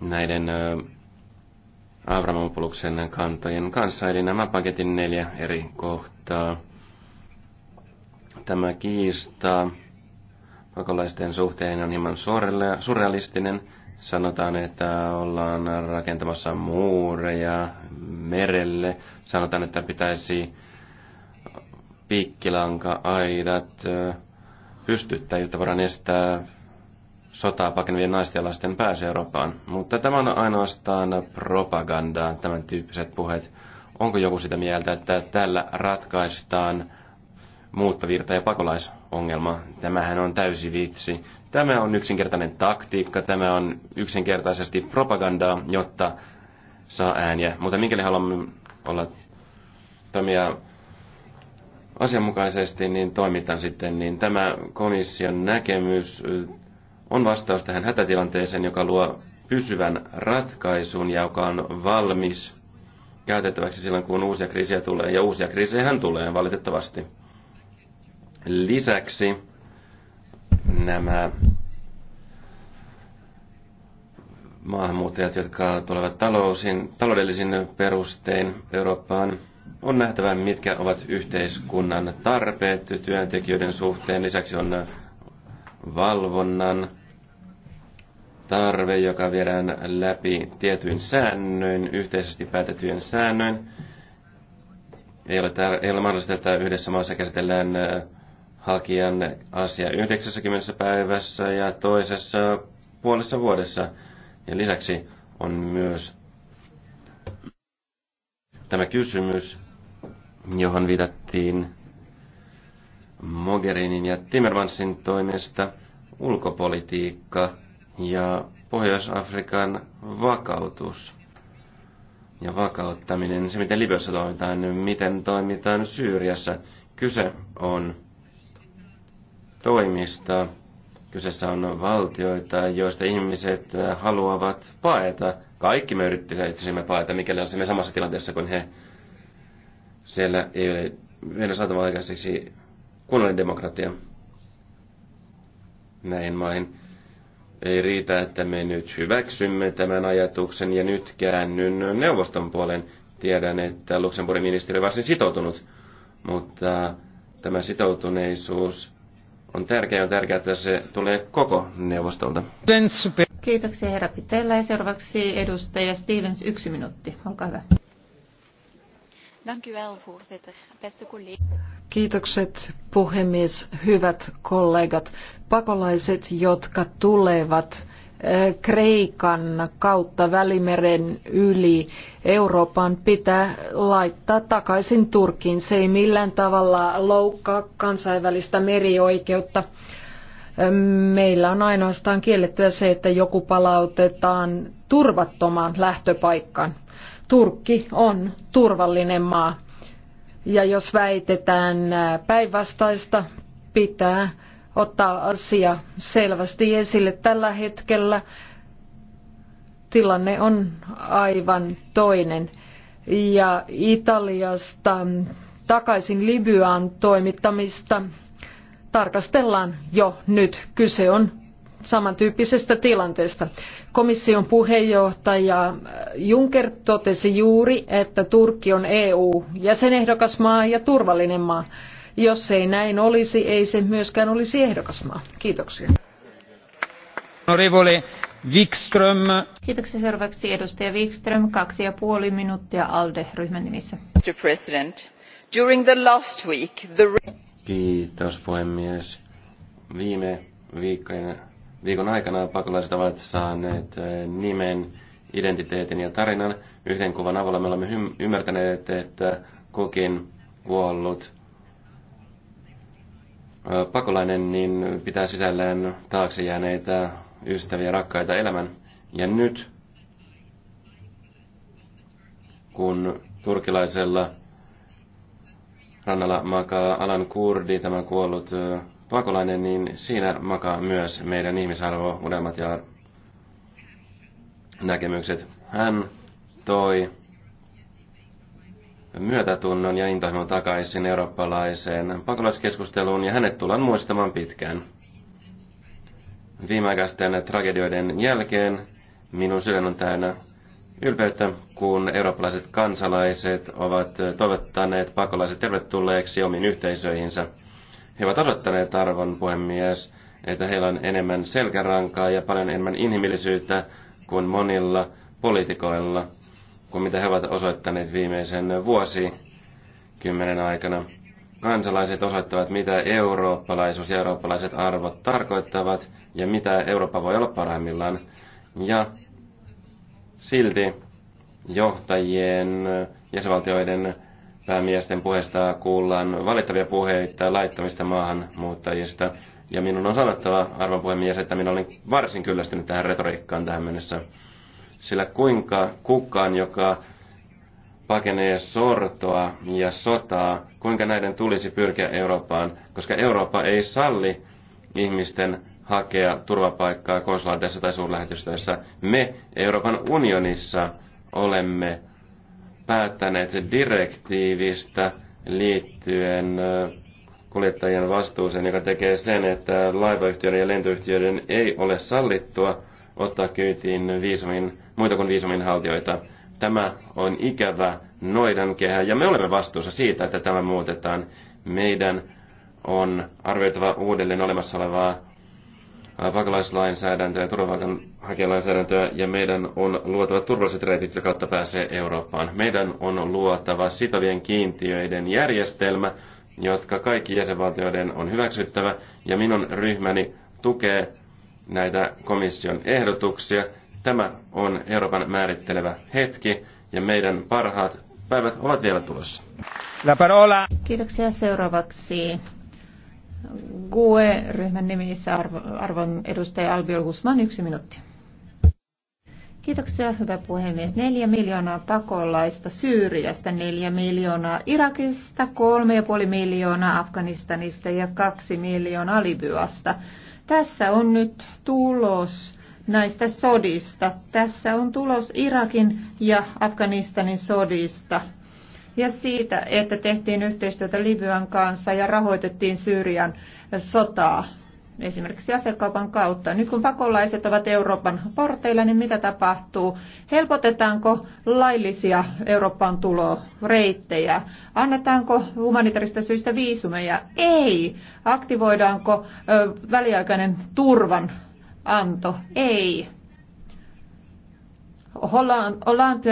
näiden Avramopoluksen kantojen kanssa, eli nämä paketin neljä eri kohtaa. Tämä kiista pakolaisten suhteen on hieman surrealistinen. Sanotaan, että ollaan rakentamassa muureja merelle. Sanotaan, että pitäisi piikkilanka-aidat pystyttää, jotta voidaan estää sotaa pakenevien naisten ja lasten pääsy Eurooppaan. Mutta tämä on ainoastaan propagandaa, tämän tyyppiset puheet. Onko joku sitä mieltä, että tällä ratkaistaan muuttovirta- ja pakolaisongelma? Tämähän on täysi vitsi. Tämä on yksinkertainen taktiikka, tämä on yksinkertaisesti propagandaa, jotta saa ääniä. Mutta mikäli haluamme olla toimia asianmukaisesti, niin toimitaan sitten. Niin tämä komission näkemys on vastaus tähän hätätilanteeseen, joka luo pysyvän ratkaisun ja joka on valmis käytettäväksi silloin, kun uusia kriisejä tulee. Ja uusia hän tulee valitettavasti. Lisäksi nämä maahanmuuttajat, jotka tulevat talousin, taloudellisin perustein Eurooppaan, on nähtävä, mitkä ovat yhteiskunnan tarpeet työntekijöiden suhteen. Lisäksi on valvonnan tarve, joka viedään läpi tietyin säännöin, yhteisesti päätettyjen säännöin. Ei ole, tar- ei ole mahdollista, että yhdessä maassa käsitellään äh, hakijan asia 90 päivässä ja toisessa puolessa vuodessa. Ja lisäksi on myös tämä kysymys, johon viitattiin Mogherinin ja Timmermansin toimesta, ulkopolitiikka – ja Pohjois-Afrikan vakautus ja vakauttaminen, se miten Libyassa toimitaan, miten toimitaan Syyriassa. Kyse on toimista, kyseessä on valtioita, joista ihmiset haluavat paeta. Kaikki me yrittäisimme paeta, mikäli olisimme samassa tilanteessa kuin he. Siellä ei ole vielä saatava aikaiseksi kunnallinen demokratia näihin maihin. Ei riitä, että me nyt hyväksymme tämän ajatuksen ja nyt käännyn neuvoston puolen. Tiedän, että Luxemburgin ministeri on varsin sitoutunut, mutta tämä sitoutuneisuus on tärkeää, on tärkeää, että se tulee koko neuvostolta. Kiitoksia herra Pitellä ja seuraavaksi edustaja Stevens yksi minuutti. Olkaa hyvä. Dank Kiitokset puhemies, hyvät kollegat. Pakolaiset, jotka tulevat eh, Kreikan kautta Välimeren yli Euroopan pitää laittaa takaisin Turkiin. Se ei millään tavalla loukkaa kansainvälistä merioikeutta. Eh, meillä on ainoastaan kiellettyä se, että joku palautetaan turvattomaan lähtöpaikkaan. Turkki on turvallinen maa ja jos väitetään äh, päinvastaista, pitää ottaa asia selvästi esille. Tällä hetkellä tilanne on aivan toinen. Ja Italiasta takaisin Libyaan toimittamista tarkastellaan jo nyt. Kyse on samantyyppisestä tilanteesta. Komission puheenjohtaja Juncker totesi juuri, että Turkki on EU-jäsenehdokas maa ja turvallinen maa. Jos ei näin olisi, ei se myöskään olisi ehdokas maa. Kiitoksia. Honorevole Wikström. Kiitoksia seuraavaksi edustaja Wikström, kaksi ja puoli minuuttia ALDE-ryhmän nimissä. Mr. President, during the last week, the... Kiitos puhemies. Viime viikkoina Viikon aikana pakolaiset ovat saaneet eh, nimen, identiteetin ja tarinan. Yhden kuvan avulla me olemme ymmärtäneet, että kukin kuollut eh, pakolainen niin pitää sisällään taakse jääneitä ystäviä, rakkaita elämän. Ja nyt, kun turkilaisella rannalla makaa Alan Kurdi, tämä kuollut eh, pakolainen, niin siinä makaa myös meidän ihmisarvo, unelmat ja näkemykset. Hän toi myötätunnon ja intohimon takaisin eurooppalaiseen pakolaiskeskusteluun ja hänet tullaan muistamaan pitkään. Viimeaikaisten tragedioiden jälkeen minun sydän on täynnä ylpeyttä, kun eurooppalaiset kansalaiset ovat toivottaneet pakolaiset tervetulleeksi omiin yhteisöihinsä – he ovat osoittaneet arvon puhemies, että heillä on enemmän selkärankaa ja paljon enemmän inhimillisyyttä kuin monilla poliitikoilla, kuin mitä he ovat osoittaneet viimeisen vuosikymmenen aikana. Kansalaiset osoittavat, mitä eurooppalaisuus ja eurooppalaiset arvot tarkoittavat ja mitä Eurooppa voi olla parhaimmillaan. Ja silti johtajien jäsenvaltioiden Päämiesten puheesta kuullaan valittavia puheita laittamista maahanmuuttajista. Ja minun on sanottava, arvon puhemies, että minä olen varsin kyllästynyt tähän retoriikkaan tähän mennessä. Sillä kuinka kukaan, joka pakenee sortoa ja sotaa, kuinka näiden tulisi pyrkiä Eurooppaan, koska Eurooppa ei salli ihmisten hakea turvapaikkaa konsulaateissa tai suurlähetystöissä. Me Euroopan unionissa olemme päättäneet direktiivistä liittyen kuljettajien vastuuseen, joka tekee sen, että laivayhtiöiden ja lentoyhtiöiden ei ole sallittua ottaa kyytiin viisumin, muita kuin viisumin haltijoita. Tämä on ikävä noidankehä ja me olemme vastuussa siitä, että tämä muutetaan. Meidän on arvioitava uudelleen olemassa olevaa pakolaislainsäädäntöä ja turvapaikanhakijalainsäädäntöä, ja meidän on luotava turvalliset reitit, jotka kautta pääsee Eurooppaan. Meidän on luotava sitovien kiintiöiden järjestelmä, jotka kaikki jäsenvaltioiden on hyväksyttävä, ja minun ryhmäni tukee näitä komission ehdotuksia. Tämä on Euroopan määrittelevä hetki, ja meidän parhaat päivät ovat vielä tulossa. La parola. Kiitoksia seuraavaksi GUE-ryhmän nimissä arvon edustaja Albiol Guzman, yksi minuutti. Kiitoksia, hyvä puhemies. Neljä miljoonaa pakolaista Syyriasta, neljä miljoonaa Irakista, kolme ja puoli miljoonaa Afganistanista ja kaksi miljoonaa Libyasta. Tässä on nyt tulos näistä sodista. Tässä on tulos Irakin ja Afganistanin sodista ja siitä, että tehtiin yhteistyötä Libyan kanssa ja rahoitettiin Syyrian sotaa esimerkiksi asekaupan kautta. Nyt kun pakolaiset ovat Euroopan porteilla, niin mitä tapahtuu? Helpotetaanko laillisia Euroopan tuloreittejä? Annetaanko humanitaarista syistä viisumeja? Ei. Aktivoidaanko ö, väliaikainen turvan anto? Ei. Holland, Holland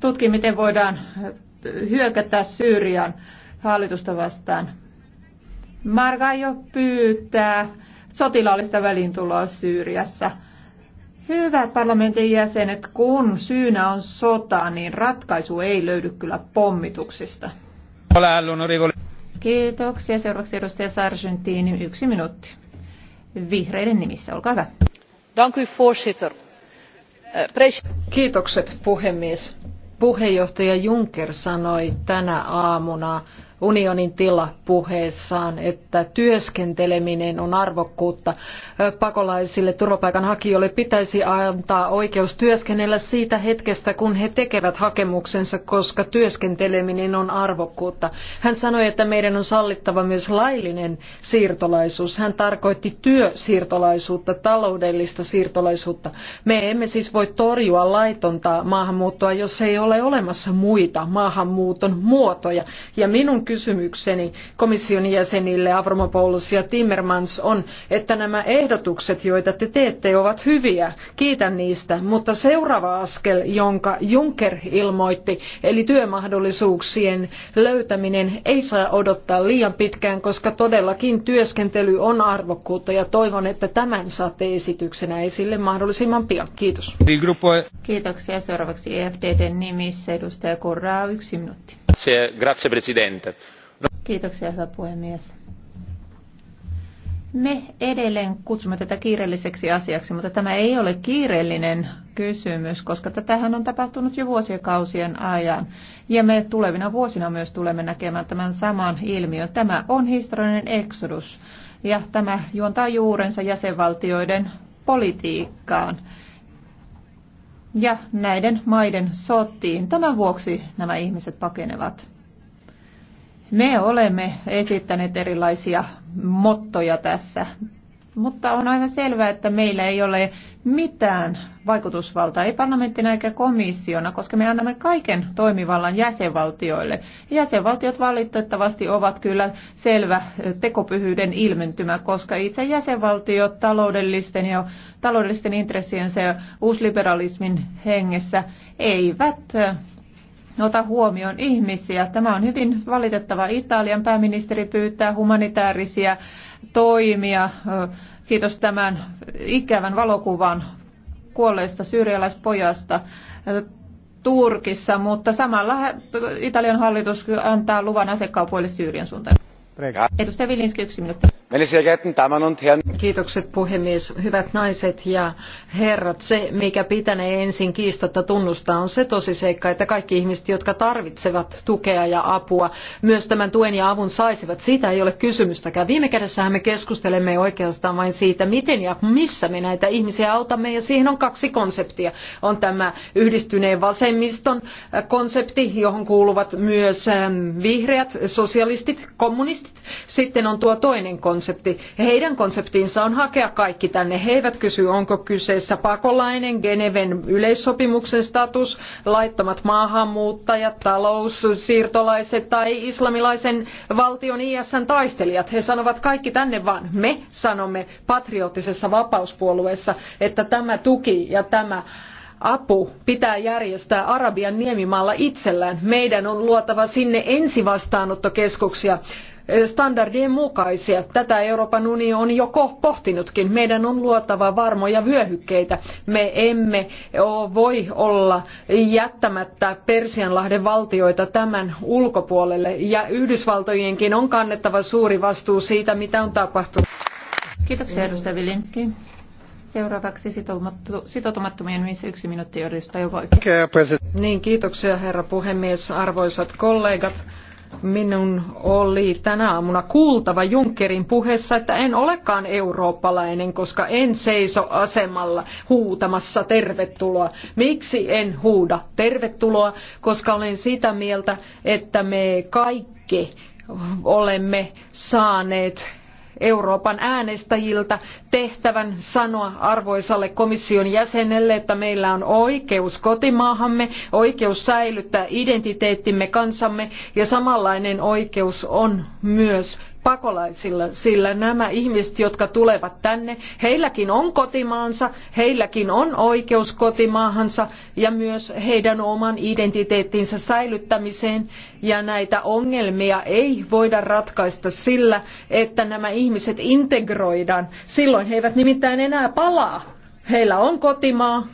tutki, miten voidaan hyökätä Syyrian hallitusta vastaan. jo pyytää sotilaallista välintuloa Syyriassa. Hyvät parlamentin jäsenet, kun syynä on sota, niin ratkaisu ei löydy kyllä pommituksista. Kiitoksia. Seuraavaksi edustaja Sargentini, yksi minuutti. Vihreiden nimissä, olkaa hyvä. Eh, Kiitokset puhemies puheenjohtaja Juncker sanoi tänä aamuna unionin tila puheessaan, että työskenteleminen on arvokkuutta. Pakolaisille turvapaikanhakijoille pitäisi antaa oikeus työskennellä siitä hetkestä, kun he tekevät hakemuksensa, koska työskenteleminen on arvokkuutta. Hän sanoi, että meidän on sallittava myös laillinen siirtolaisuus. Hän tarkoitti työsiirtolaisuutta, taloudellista siirtolaisuutta. Me emme siis voi torjua laitonta maahanmuuttoa, jos ei ole olemassa muita maahanmuuton muotoja. Ja minun kysymykseni komission jäsenille Avromopoulos ja Timmermans on, että nämä ehdotukset, joita te teette, ovat hyviä. Kiitän niistä, mutta seuraava askel, jonka Juncker ilmoitti, eli työmahdollisuuksien löytäminen, ei saa odottaa liian pitkään, koska todellakin työskentely on arvokkuutta ja toivon, että tämän saatte esityksenä esille mahdollisimman pian. Kiitos. Kiitoksia. Seuraavaksi EFDDn nimissä edustaja Korraa, yksi minuutti. Grazie, grazie Presidente. Kiitoksia, hyvä puhemies. Me edelleen kutsumme tätä kiireelliseksi asiaksi, mutta tämä ei ole kiireellinen kysymys, koska tätähän on tapahtunut jo vuosikausien ajan. Ja me tulevina vuosina myös tulemme näkemään tämän saman ilmiön. Tämä on historiallinen eksodus ja tämä juontaa juurensa jäsenvaltioiden politiikkaan ja näiden maiden sotiin. Tämän vuoksi nämä ihmiset pakenevat. Me olemme esittäneet erilaisia mottoja tässä, mutta on aivan selvää, että meillä ei ole mitään vaikutusvaltaa, ei parlamenttina eikä komissiona, koska me annamme kaiken toimivallan jäsenvaltioille. Jäsenvaltiot valitettavasti ovat kyllä selvä tekopyhyyden ilmentymä, koska itse jäsenvaltiot taloudellisten ja taloudellisten intressiensä ja uusliberalismin hengessä eivät ota huomioon ihmisiä. Tämä on hyvin valitettava. Italian pääministeri pyytää humanitaarisia toimia. Kiitos tämän ikävän valokuvan kuolleesta syyrialaispojasta Turkissa, mutta samalla Italian hallitus antaa luvan asekaupoille Syyrian suuntaan. Edustaja Vilinski, yksi minuutti. Kiitokset puhemies. Hyvät naiset ja herrat, se mikä pitänee ensin kiistatta tunnustaa on se tosiseikka, että kaikki ihmiset, jotka tarvitsevat tukea ja apua, myös tämän tuen ja avun saisivat. Siitä ei ole kysymystäkään. Viime kädessähän me keskustelemme oikeastaan vain siitä, miten ja missä me näitä ihmisiä autamme, ja siihen on kaksi konseptia. On tämä yhdistyneen vasemmiston konsepti, johon kuuluvat myös ähm, vihreät, sosialistit, kommunistit. Sitten on tuo toinen konsepti konsepti. Heidän konseptiinsa on hakea kaikki tänne. He eivät kysy, onko kyseessä pakolainen, Geneven yleissopimuksen status, laittomat maahanmuuttajat, talous, siirtolaiset tai islamilaisen valtion ISN taistelijat. He sanovat kaikki tänne vaan. Me sanomme patrioottisessa vapauspuolueessa, että tämä tuki ja tämä apu pitää järjestää Arabian niemimaalla itsellään. Meidän on luotava sinne ensivastaanottokeskuksia standardien mukaisia. Tätä Euroopan unioni on jo pohtinutkin. Meidän on luotava varmoja vyöhykkeitä. Me emme voi olla jättämättä Persianlahden valtioita tämän ulkopuolelle. Ja Yhdysvaltojenkin on kannettava suuri vastuu siitä, mitä on tapahtunut. Kiitoksia edustaja Vilinski. Seuraavaksi sitoutumattomien missä yksi minuutti edustaja Voigt. Niin, kiitoksia herra puhemies, arvoisat kollegat. Minun oli tänä aamuna kuultava Junckerin puheessa, että en olekaan eurooppalainen, koska en seiso asemalla huutamassa tervetuloa. Miksi en huuda tervetuloa? Koska olen sitä mieltä, että me kaikki olemme saaneet Euroopan äänestäjiltä tehtävän sanoa arvoisalle komission jäsenelle, että meillä on oikeus kotimaahamme, oikeus säilyttää identiteettimme kansamme ja samanlainen oikeus on myös pakolaisilla, sillä nämä ihmiset, jotka tulevat tänne, heilläkin on kotimaansa, heilläkin on oikeus kotimaahansa ja myös heidän oman identiteettinsä säilyttämiseen. Ja näitä ongelmia ei voida ratkaista sillä, että nämä ihmiset integroidaan. Silloin he eivät nimittäin enää palaa. Heillä on kotimaa,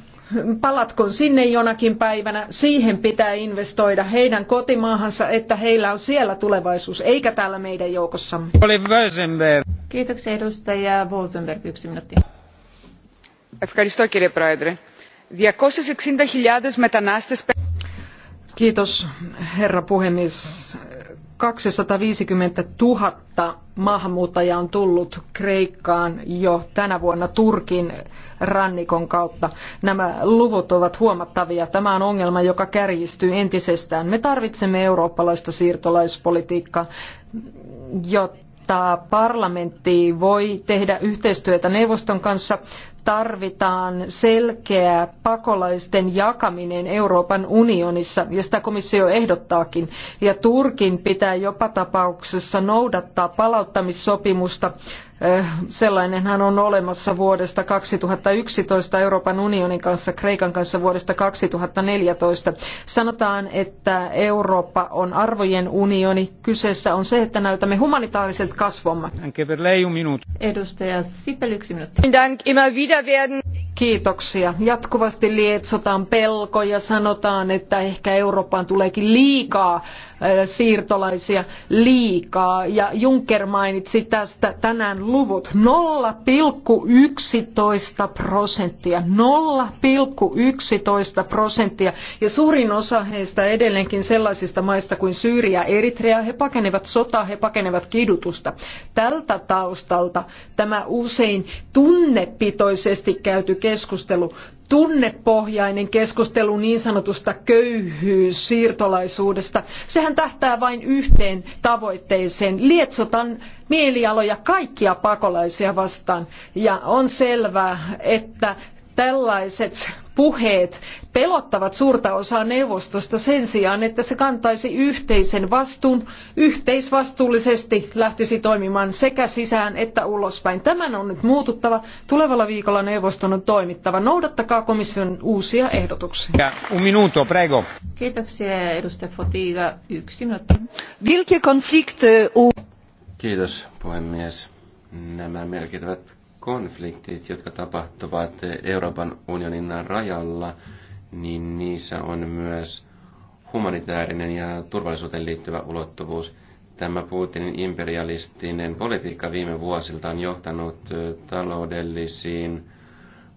palatkoon sinne jonakin päivänä, siihen pitää investoida heidän kotimaahansa, että heillä on siellä tulevaisuus, eikä täällä meidän joukossamme. Oli Weisenberg. Kiitoksia edustaja Rosenberg, yksi minuutti. Ευχαριστώ κύριε Πρόεδρε. 260.000 μετανάστες... Kiitos herra puhemies. 250 000 maahanmuuttajaa on tullut Kreikkaan jo tänä vuonna Turkin rannikon kautta. Nämä luvut ovat huomattavia. Tämä on ongelma, joka kärjistyy entisestään. Me tarvitsemme eurooppalaista siirtolaispolitiikkaa, jotta jotta parlamentti voi tehdä yhteistyötä neuvoston kanssa, tarvitaan selkeä pakolaisten jakaminen Euroopan unionissa, ja sitä komissio ehdottaakin. Ja Turkin pitää jopa tapauksessa noudattaa palauttamissopimusta Eh, sellainenhan on olemassa vuodesta 2011 Euroopan unionin kanssa, Kreikan kanssa vuodesta 2014. Sanotaan, että Eurooppa on arvojen unioni. Kyseessä on se, että näytämme humanitaariset kasvomme. Edustaja Sipel, yksi minuutti. Kiitoksia. Jatkuvasti lietsotaan pelkoja, sanotaan, että ehkä Eurooppaan tuleekin liikaa siirtolaisia liikaa. Ja Juncker mainitsi tästä tänään luvut 0,11 prosenttia. 0,11 prosenttia. Ja suurin osa heistä edelleenkin sellaisista maista kuin Syyria, Eritrea, he pakenevat sotaa, he pakenevat kidutusta. Tältä taustalta tämä usein tunnepitoisesti käyty keskustelu tunnepohjainen keskustelu niin sanotusta köyhyyssiirtolaisuudesta, sehän tähtää vain yhteen tavoitteeseen. Lietsotan mielialoja kaikkia pakolaisia vastaan ja on selvää, että Tällaiset puheet pelottavat suurta osaa neuvostosta sen sijaan, että se kantaisi yhteisen vastuun, yhteisvastuullisesti lähtisi toimimaan sekä sisään että ulospäin. Tämän on nyt muututtava. Tulevalla viikolla neuvoston on toimittava. Noudattakaa komission uusia ehdotuksia. Ja, un minuto, prego. Kiitoksia edustaja Fotiga. Yksi minuutti. Vilke konflikte... Uh, Kiitos puhemies. Nämä merkittävät konfliktit, jotka tapahtuvat Euroopan unionin rajalla, niin niissä on myös humanitaarinen ja turvallisuuteen liittyvä ulottuvuus. Tämä Putinin imperialistinen politiikka viime vuosilta on johtanut taloudellisiin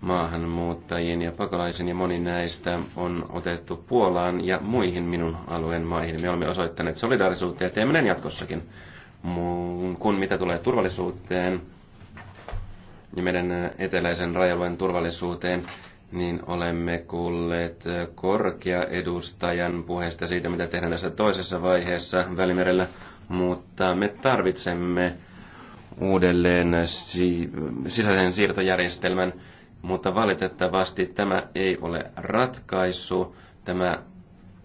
maahanmuuttajiin ja pakolaisiin ja moni näistä on otettu Puolaan ja muihin minun alueen maihin. Me olemme osoittaneet solidaarisuutta ja teemme jatkossakin. Kun mitä tulee turvallisuuteen, ja meidän eteläisen rajalueen turvallisuuteen, niin olemme kuulleet korkea edustajan puheesta siitä, mitä tehdään tässä toisessa vaiheessa Välimerellä, mutta me tarvitsemme uudelleen si sisäisen siirtojärjestelmän, mutta valitettavasti tämä ei ole ratkaisu. Tämä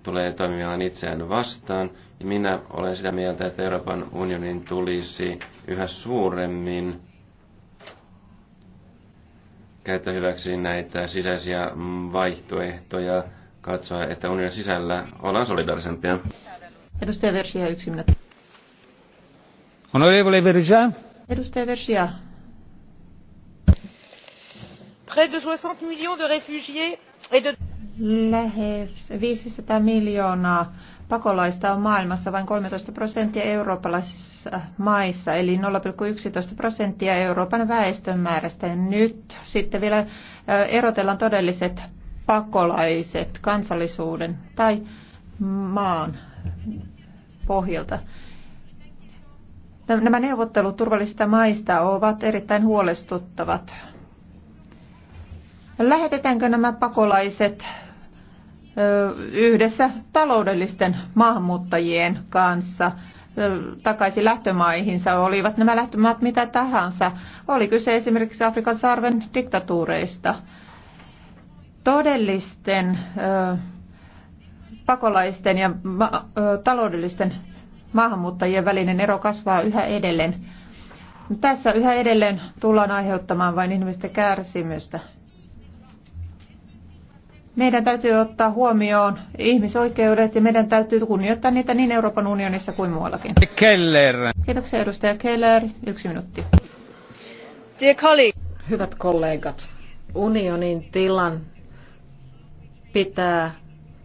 tulee toimimaan itseään vastaan. Minä olen sitä mieltä, että Euroopan unionin tulisi yhä suuremmin käyttää hyväksi näitä sisäisiä vaihtoehtoja, katsoa, että unionin sisällä ollaan solidaarisempia. Edustaja Versia, yksi minuutti. Honorevole Versia. Edustaja Versia. Près de 60 millions de réfugiés et de... Lähes 500 miljoonaa Pakolaista on maailmassa vain 13 prosenttia eurooppalaisissa maissa, eli 0,11 prosenttia Euroopan väestön määrästä. nyt sitten vielä erotellaan todelliset pakolaiset kansallisuuden tai maan pohjalta. Nämä neuvottelut turvallisista maista ovat erittäin huolestuttavat. Lähetetäänkö nämä pakolaiset yhdessä taloudellisten maahanmuuttajien kanssa takaisin lähtömaihinsa, olivat nämä lähtömaat mitä tahansa. Oli kyse esimerkiksi Afrikan sarven diktatuureista. Todellisten pakolaisten ja taloudellisten maahanmuuttajien välinen ero kasvaa yhä edelleen. Tässä yhä edelleen tullaan aiheuttamaan vain ihmisten kärsimystä. Meidän täytyy ottaa huomioon ihmisoikeudet ja meidän täytyy kunnioittaa niitä niin Euroopan unionissa kuin muuallakin. Keller. Kiitoksia edustaja Keller. Yksi minuutti. Hyvät kollegat, unionin tilan pitää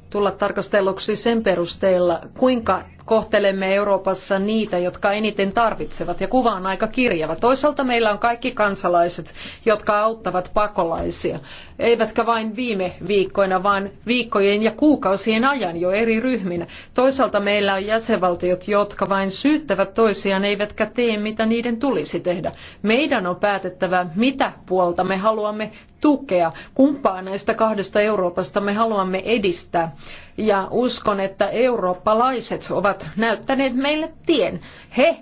tulla tarkastelluksi sen perusteella, kuinka kohtelemme Euroopassa niitä, jotka eniten tarvitsevat, ja kuva on aika kirjava. Toisaalta meillä on kaikki kansalaiset, jotka auttavat pakolaisia, eivätkä vain viime viikkoina, vaan viikkojen ja kuukausien ajan jo eri ryhminä. Toisaalta meillä on jäsenvaltiot, jotka vain syyttävät toisiaan, eivätkä tee, mitä niiden tulisi tehdä. Meidän on päätettävä, mitä puolta me haluamme tukea. Kumpaa näistä kahdesta Euroopasta me haluamme edistää? Ja uskon, että eurooppalaiset ovat näyttäneet meille tien. He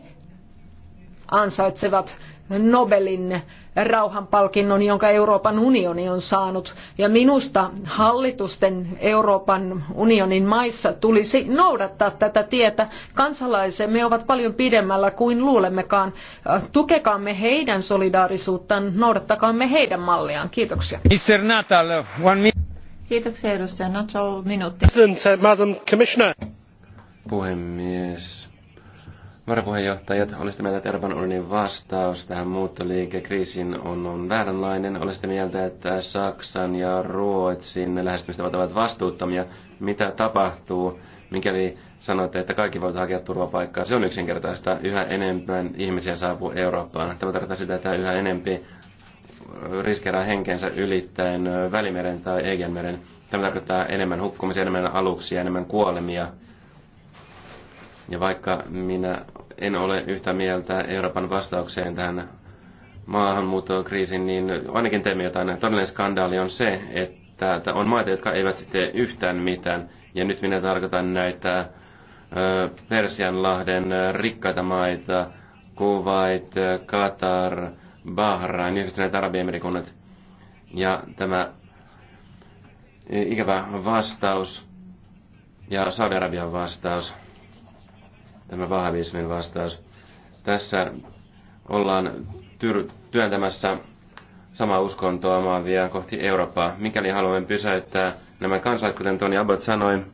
ansaitsevat Nobelin rauhanpalkinnon, jonka Euroopan unioni on saanut. Ja minusta hallitusten Euroopan unionin maissa tulisi noudattaa tätä tietä. Kansalaisemme ovat paljon pidemmällä kuin luulemmekaan. Äh, tukekaamme heidän solidaarisuuttaan, noudattakaamme heidän malliaan. Kiitoksia. Mr. Natal, one minute. Kiitoksia edustaja Natal, minuutti. Madam Commissioner. Puhemies, varapuheenjohtajat, olisitte mieltä, että Euroopan unionin vastaus tähän muuttoliikekriisiin on, on vääränlainen. Olisitte mieltä, että Saksan ja Ruotsin lähestymistavat ovat vastuuttomia. Mitä tapahtuu, mikäli sanotte, että kaikki voivat hakea turvapaikkaa? Se on yksinkertaista. Yhä enemmän ihmisiä saapuu Eurooppaan. Tämä tarkoittaa sitä, että yhä enempi riskeerää henkensä ylittäen Välimeren tai Egeanmeren. Tämä tarkoittaa enemmän hukkumisia, enemmän aluksia, enemmän kuolemia – ja vaikka minä en ole yhtä mieltä Euroopan vastaukseen tähän maahanmuuttokriisiin, niin ainakin teemme jotain. Todellinen skandaali on se, että on maita, jotka eivät tee yhtään mitään. Ja nyt minä tarkoitan näitä Persianlahden rikkaita maita, Kuwait, Qatar, Bahrain, Yhdistyneet Arabiemerikunnat. Ja tämä ikävä vastaus ja Saudi-Arabian vastaus tämä vahvismin vastaus. Tässä ollaan tyr- työntämässä samaa uskontoa maavia kohti Eurooppaa. Mikäli haluamme pysäyttää nämä kansalaiset, kuten Toni Abbott sanoi,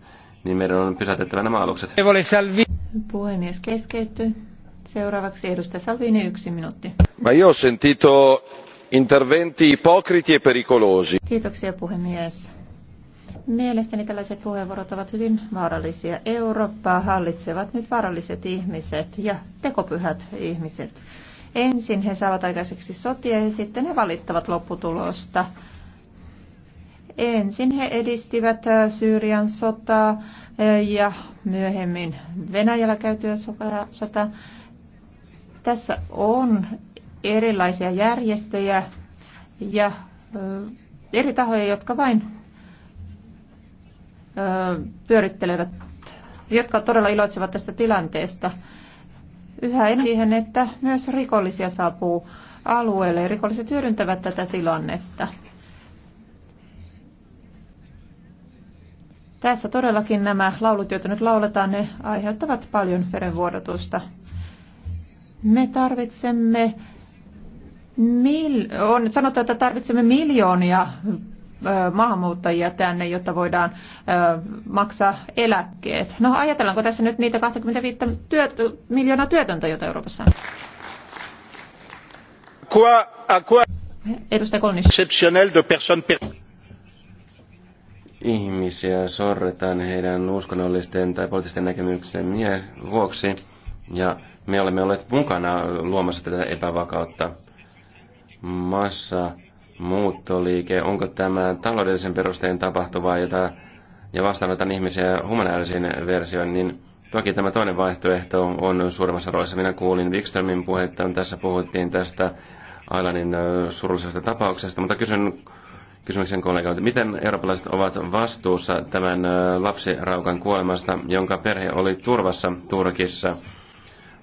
niin meidän on pysäytettävä nämä alukset. Puhemies keskeyttyy. Seuraavaksi edustaja Salvini, yksi minuutti. Ma io ho sentito interventi ipocriti e pericolosi. Kiitoksia puhemies Mielestäni tällaiset puheenvuorot ovat hyvin vaarallisia. Eurooppaa hallitsevat nyt vaaralliset ihmiset ja tekopyhät ihmiset. Ensin he saavat aikaiseksi sotia ja sitten he valittavat lopputulosta. Ensin he edistivät äh, Syyrian sotaa äh, ja myöhemmin Venäjällä käytyä sotaa. Tässä on erilaisia järjestöjä ja äh, eri tahoja, jotka vain pyörittelevät, jotka todella iloitsevat tästä tilanteesta. Yhä enemmän siihen, että myös rikollisia saapuu alueelle ja rikolliset hyödyntävät tätä tilannetta. Tässä todellakin nämä laulut, joita nyt lauletaan, ne aiheuttavat paljon verenvuodotusta. Me tarvitsemme, mil, on sanottu, että tarvitsemme miljoonia maahanmuuttajia tänne, jotta voidaan maksaa eläkkeet. No ajatellaanko tässä nyt niitä 25 työt, miljoonaa työtöntä, joita Euroopassa on? Quoi, à quoi? Edustaja Kolnis. ihmisiä sorretaan heidän uskonnollisten tai poliittisten näkemyksen vuoksi, ja me olemme olleet mukana luomassa tätä epävakautta. Massa muuttoliike, onko tämä taloudellisen perusteen tapahtuvaa, jota ja vastaanotan ihmisiä humanäärisiin versioon, niin toki tämä toinen vaihtoehto on suuremmassa roolissa. Minä kuulin Wikströmin puhetta, tässä puhuttiin tästä Ailanin surullisesta tapauksesta, mutta kysyn kysymyksen kollegalta, miten eurooppalaiset ovat vastuussa tämän lapsiraukan kuolemasta, jonka perhe oli turvassa Turkissa?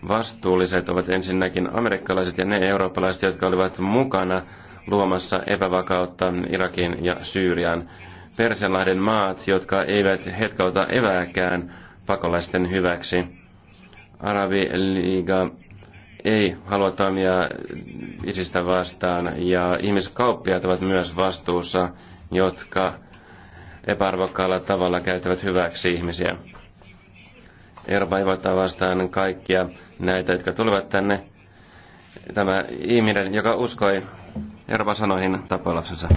Vastuulliset ovat ensinnäkin amerikkalaiset ja ne eurooppalaiset, jotka olivat mukana luomassa epävakautta Irakin ja Syyrian. Persianlahden maat, jotka eivät hetkauta evääkään pakolaisten hyväksi. Arabiliiga ei halua toimia isistä vastaan ja ihmiskauppiaat ovat myös vastuussa, jotka epäarvokkaalla tavalla käyttävät hyväksi ihmisiä. Eurooppa ei voi vastaan kaikkia näitä, jotka tulevat tänne. Tämä ihminen, joka uskoi Euroopan sanoihin tapauksensa.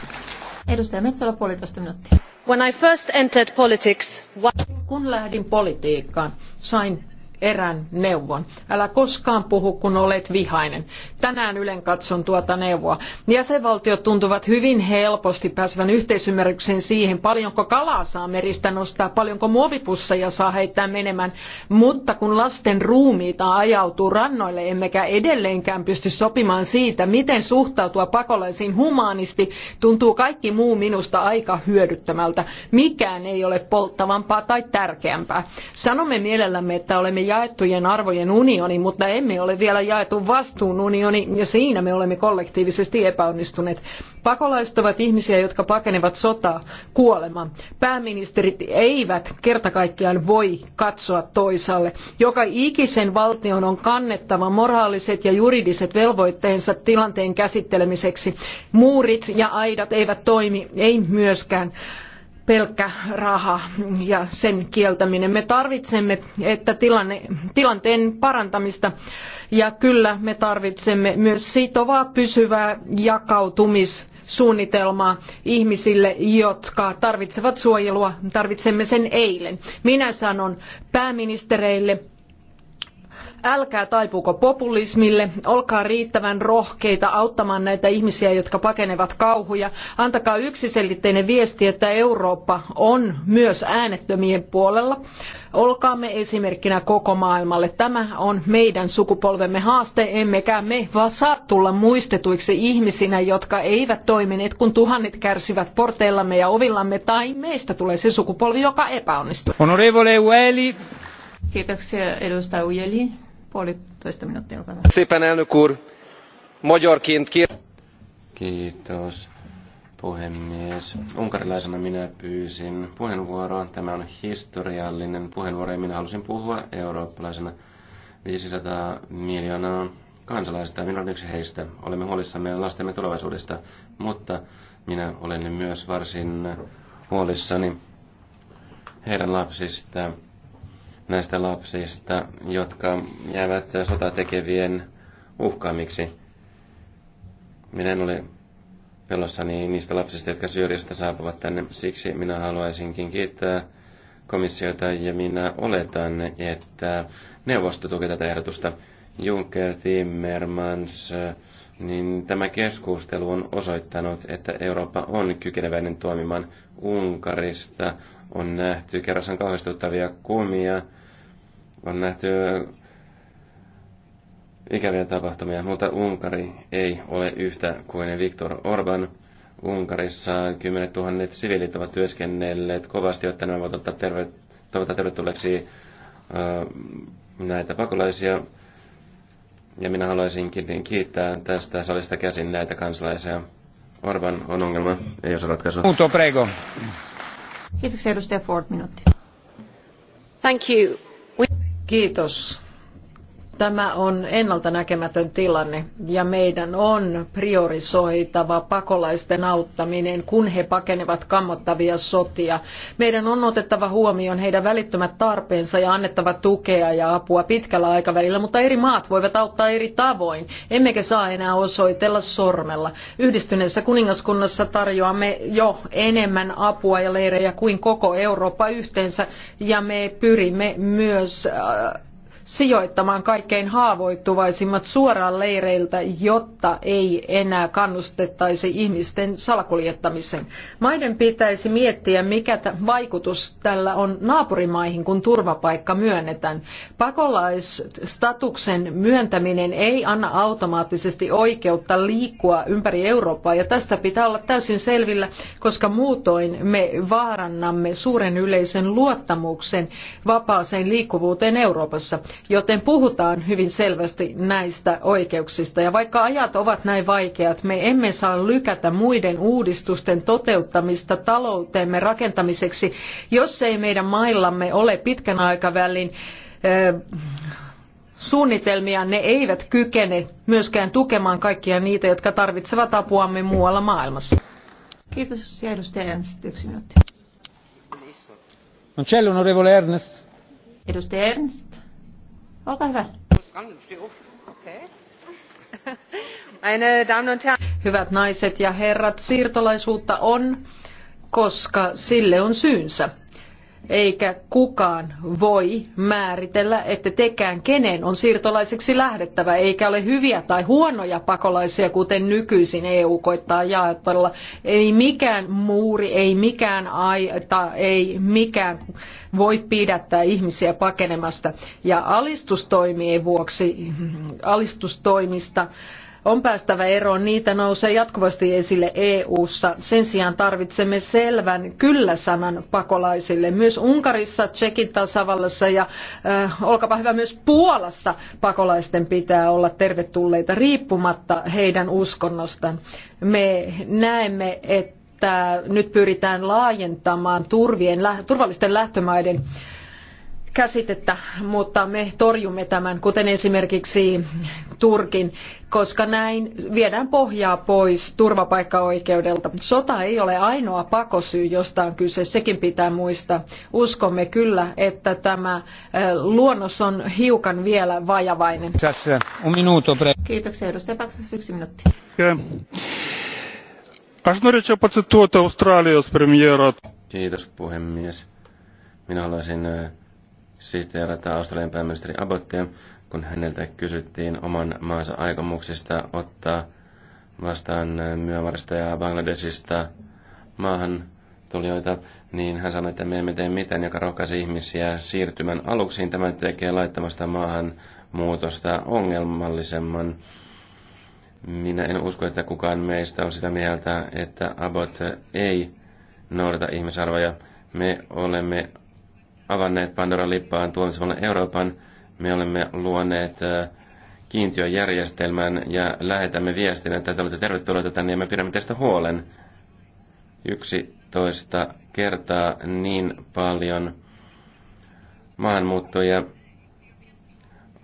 Edustaja Metsola, puolitoista minuuttia. When I first entered politics, what... Kun lähdin politiikkaan, sain erään neuvon. Älä koskaan puhu, kun olet vihainen. Tänään Ylen katson tuota neuvoa. Jäsenvaltiot tuntuvat hyvin helposti pääsevän yhteisymmärrykseen siihen, paljonko kalaa saa meristä nostaa, paljonko muovipusseja saa heittää menemään. Mutta kun lasten ruumiita ajautuu rannoille, emmekä edelleenkään pysty sopimaan siitä, miten suhtautua pakolaisiin humaanisti, tuntuu kaikki muu minusta aika hyödyttämältä. Mikään ei ole polttavampaa tai tärkeämpää. Sanomme mielellämme, että olemme jaettujen arvojen unioni, mutta emme ole vielä jaetun vastuun unioni ja siinä me olemme kollektiivisesti epäonnistuneet. Pakolaiset ovat ihmisiä, jotka pakenevat sotaa, kuolema. Pääministerit eivät kertakaikkiaan voi katsoa toisaalle. Joka ikisen valtion on kannettava moraaliset ja juridiset velvoitteensa tilanteen käsittelemiseksi. Muurit ja aidat eivät toimi, ei myöskään pelkkä raha ja sen kieltäminen. Me tarvitsemme että tilanne, tilanteen parantamista ja kyllä me tarvitsemme myös sitovaa pysyvää jakautumissuunnitelmaa ihmisille, jotka tarvitsevat suojelua. Tarvitsemme sen eilen. Minä sanon pääministereille, Älkää taipuuko populismille, olkaa riittävän rohkeita auttamaan näitä ihmisiä, jotka pakenevat kauhuja. Antakaa yksiselitteinen viesti, että Eurooppa on myös äänettömien puolella. Olkaamme esimerkkinä koko maailmalle. Tämä on meidän sukupolvemme haaste, emmekä me vaan saa tulla muistetuiksi ihmisinä, jotka eivät toimineet, kun tuhannet kärsivät porteillamme ja ovillamme, tai meistä tulee se sukupolvi, joka epäonnistuu. Onorevole Ueli. Kiitoksia edustaja Ujeli. Puolitoista minuuttia, olkaa hyvä. elnök úr, magyarként Kiitos, puhemies. Unkarilaisena minä pyysin puheenvuoroa. Tämä on historiallinen puheenvuoro ja minä halusin puhua eurooppalaisena 500 miljoonaa kansalaisista ja minä olen yksi heistä. Olemme huolissamme lastemme tulevaisuudesta, mutta minä olen myös varsin huolissani heidän lapsistaan näistä lapsista, jotka jäävät sotatekevien uhkaamiksi. Minä en ole pelossani niistä lapsista, jotka Syyriasta saapuvat tänne. Siksi minä haluaisinkin kiittää komissiota ja minä oletan, että neuvosto tukee tätä ehdotusta. Juncker, Timmermans, niin tämä keskustelu on osoittanut, että Eurooppa on kykeneväinen toimimaan Unkarista on nähty, kerrassaan kauhistuttavia kumia, on nähty ikäviä tapahtumia, mutta Unkari ei ole yhtä kuin Viktor Orban. Unkarissa kymmenet tuhannet siviilit ovat työskennelleet kovasti, jotta nämä voivat ottaa terve, toivottaa tervetulleeksi näitä pakolaisia. Ja minä haluaisinkin kiittää tästä salista käsin näitä kansalaisia. Orban on ongelma, ei osaa ratkaisua. Punto, prego. Kiitoksia edustaja Ford, minuutti. Thank you. Kiitos. Tämä on ennalta näkemätön tilanne ja meidän on priorisoitava pakolaisten auttaminen, kun he pakenevat kammottavia sotia. Meidän on otettava huomioon heidän välittömät tarpeensa ja annettava tukea ja apua pitkällä aikavälillä, mutta eri maat voivat auttaa eri tavoin. Emmekä saa enää osoitella sormella. Yhdistyneessä kuningaskunnassa tarjoamme jo enemmän apua ja leirejä kuin koko Eurooppa yhteensä ja me pyrimme myös äh, sijoittamaan kaikkein haavoittuvaisimmat suoraan leireiltä, jotta ei enää kannustettaisi ihmisten salakuljettamiseen. Maiden pitäisi miettiä, mikä vaikutus tällä on naapurimaihin, kun turvapaikka myönnetään. Pakolaisstatuksen myöntäminen ei anna automaattisesti oikeutta liikkua ympäri Eurooppaa, ja tästä pitää olla täysin selvillä, koska muutoin me vaarannamme suuren yleisen luottamuksen vapaaseen liikkuvuuteen Euroopassa joten puhutaan hyvin selvästi näistä oikeuksista. Ja vaikka ajat ovat näin vaikeat, me emme saa lykätä muiden uudistusten toteuttamista taloutemme rakentamiseksi, jos ei meidän maillamme ole pitkän aikavälin suunnitelmia, ne eivät kykene myöskään tukemaan kaikkia niitä, jotka tarvitsevat apuamme muualla maailmassa. Kiitos ja edustaja Ernst, yksi minuutti. Non c'è l'onorevole Ernst? Edustaja Ernst. Olkaa hyvä. Hyvät naiset ja herrat, siirtolaisuutta on, koska sille on syynsä eikä kukaan voi määritellä, että tekään kenen on siirtolaiseksi lähdettävä, eikä ole hyviä tai huonoja pakolaisia, kuten nykyisin EU koittaa jaetella. Ei mikään muuri, ei mikään aita, ei mikään voi pidättää ihmisiä pakenemasta. Ja alistustoimien vuoksi, alistustoimista, on päästävä eroon, niitä nousee jatkuvasti esille EU-ssa. Sen sijaan tarvitsemme selvän kyllä-sanan pakolaisille. Myös Unkarissa, Tsekin tasavallassa ja äh, olkapa hyvä myös Puolassa pakolaisten pitää olla tervetulleita riippumatta heidän uskonnostaan. Me näemme, että nyt pyritään laajentamaan turvien, turvallisten lähtömaiden äh, käsitettä, mutta me torjumme tämän, kuten esimerkiksi Turkin, koska näin viedään pohjaa pois turvapaikkaoikeudelta. Sota ei ole ainoa pakosyy, josta on kyse, sekin pitää muistaa. Uskomme kyllä, että tämä luonnos on hiukan vielä vajavainen. Kiitoksia, edustaja Paksas, yksi minuutti. Kiitos puhemies. Minä haluaisin siteerata Australian pääministeri Abbottia, kun häneltä kysyttiin oman maansa aikomuksista ottaa vastaan Myanmarista ja Bangladesista maahan tulijoita, niin hän sanoi, että me emme tee mitään, joka rohkaisi ihmisiä siirtymään aluksiin. Tämä tekee laittamasta maahan muutosta ongelmallisemman. Minä en usko, että kukaan meistä on sitä mieltä, että Abbott ei noudata ihmisarvoja. Me olemme avanneet Pandoran lippaan tuomisvallan Euroopan. Me olemme luoneet äh, kiintiöjärjestelmän ja lähetämme viestin, että te olette tervetulleita tänne ja me pidämme teistä huolen. 11 kertaa niin paljon maahanmuuttoja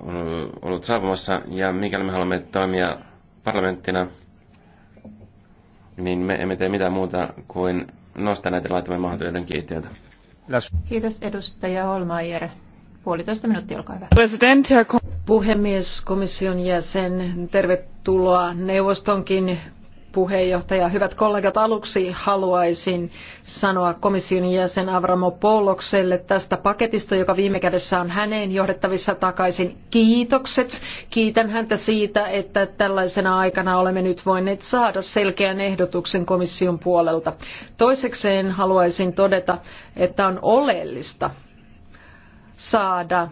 on ollut saapumassa ja mikäli me haluamme toimia parlamenttina, niin me emme tee mitään muuta kuin nostaa näitä laittomia maahantulijoiden kiintiöitä. Kiitos edustaja Holmaier. Puolitoista minuuttia, olkaa hyvä. Puhemies, komission jäsen, tervetuloa neuvostonkin puheenjohtaja. Hyvät kollegat, aluksi haluaisin sanoa komission jäsen Avramopoulokselle tästä paketista, joka viime kädessä on häneen johdettavissa takaisin. Kiitokset. Kiitän häntä siitä, että tällaisena aikana olemme nyt voineet saada selkeän ehdotuksen komission puolelta. Toisekseen haluaisin todeta, että on oleellista saada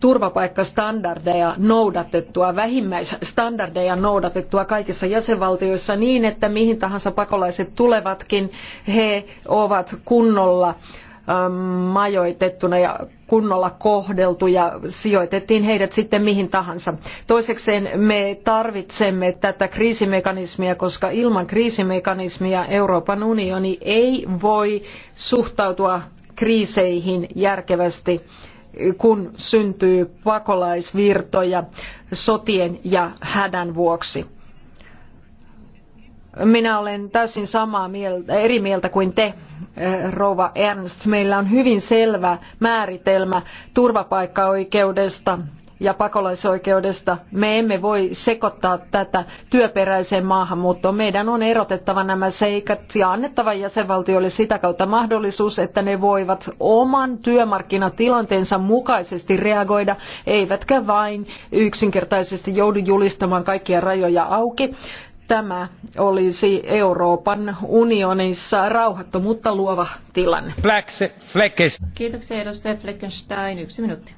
turvapaikkastandardeja noudatettua, vähimmäisstandardeja noudatettua kaikissa jäsenvaltioissa niin, että mihin tahansa pakolaiset tulevatkin, he ovat kunnolla ähm, majoitettuna ja kunnolla kohdeltu ja sijoitettiin heidät sitten mihin tahansa. Toisekseen me tarvitsemme tätä kriisimekanismia, koska ilman kriisimekanismia Euroopan unioni ei voi suhtautua kriiseihin järkevästi kun syntyy pakolaisvirtoja sotien ja hädän vuoksi. Minä olen täysin samaa mieltä, eri mieltä kuin te, eh, rouva Ernst. Meillä on hyvin selvä määritelmä turvapaikkaoikeudesta ja pakolaisoikeudesta. Me emme voi sekoittaa tätä työperäiseen maahanmuuttoon. Meidän on erotettava nämä seikat ja annettava jäsenvaltioille sitä kautta mahdollisuus, että ne voivat oman työmarkkinatilanteensa mukaisesti reagoida, eivätkä vain yksinkertaisesti joudu julistamaan kaikkia rajoja auki tämä olisi Euroopan unionissa rauhattomuutta luova tilanne. Kiitoksia edustaja Fleckenstein. Yksi minuutti.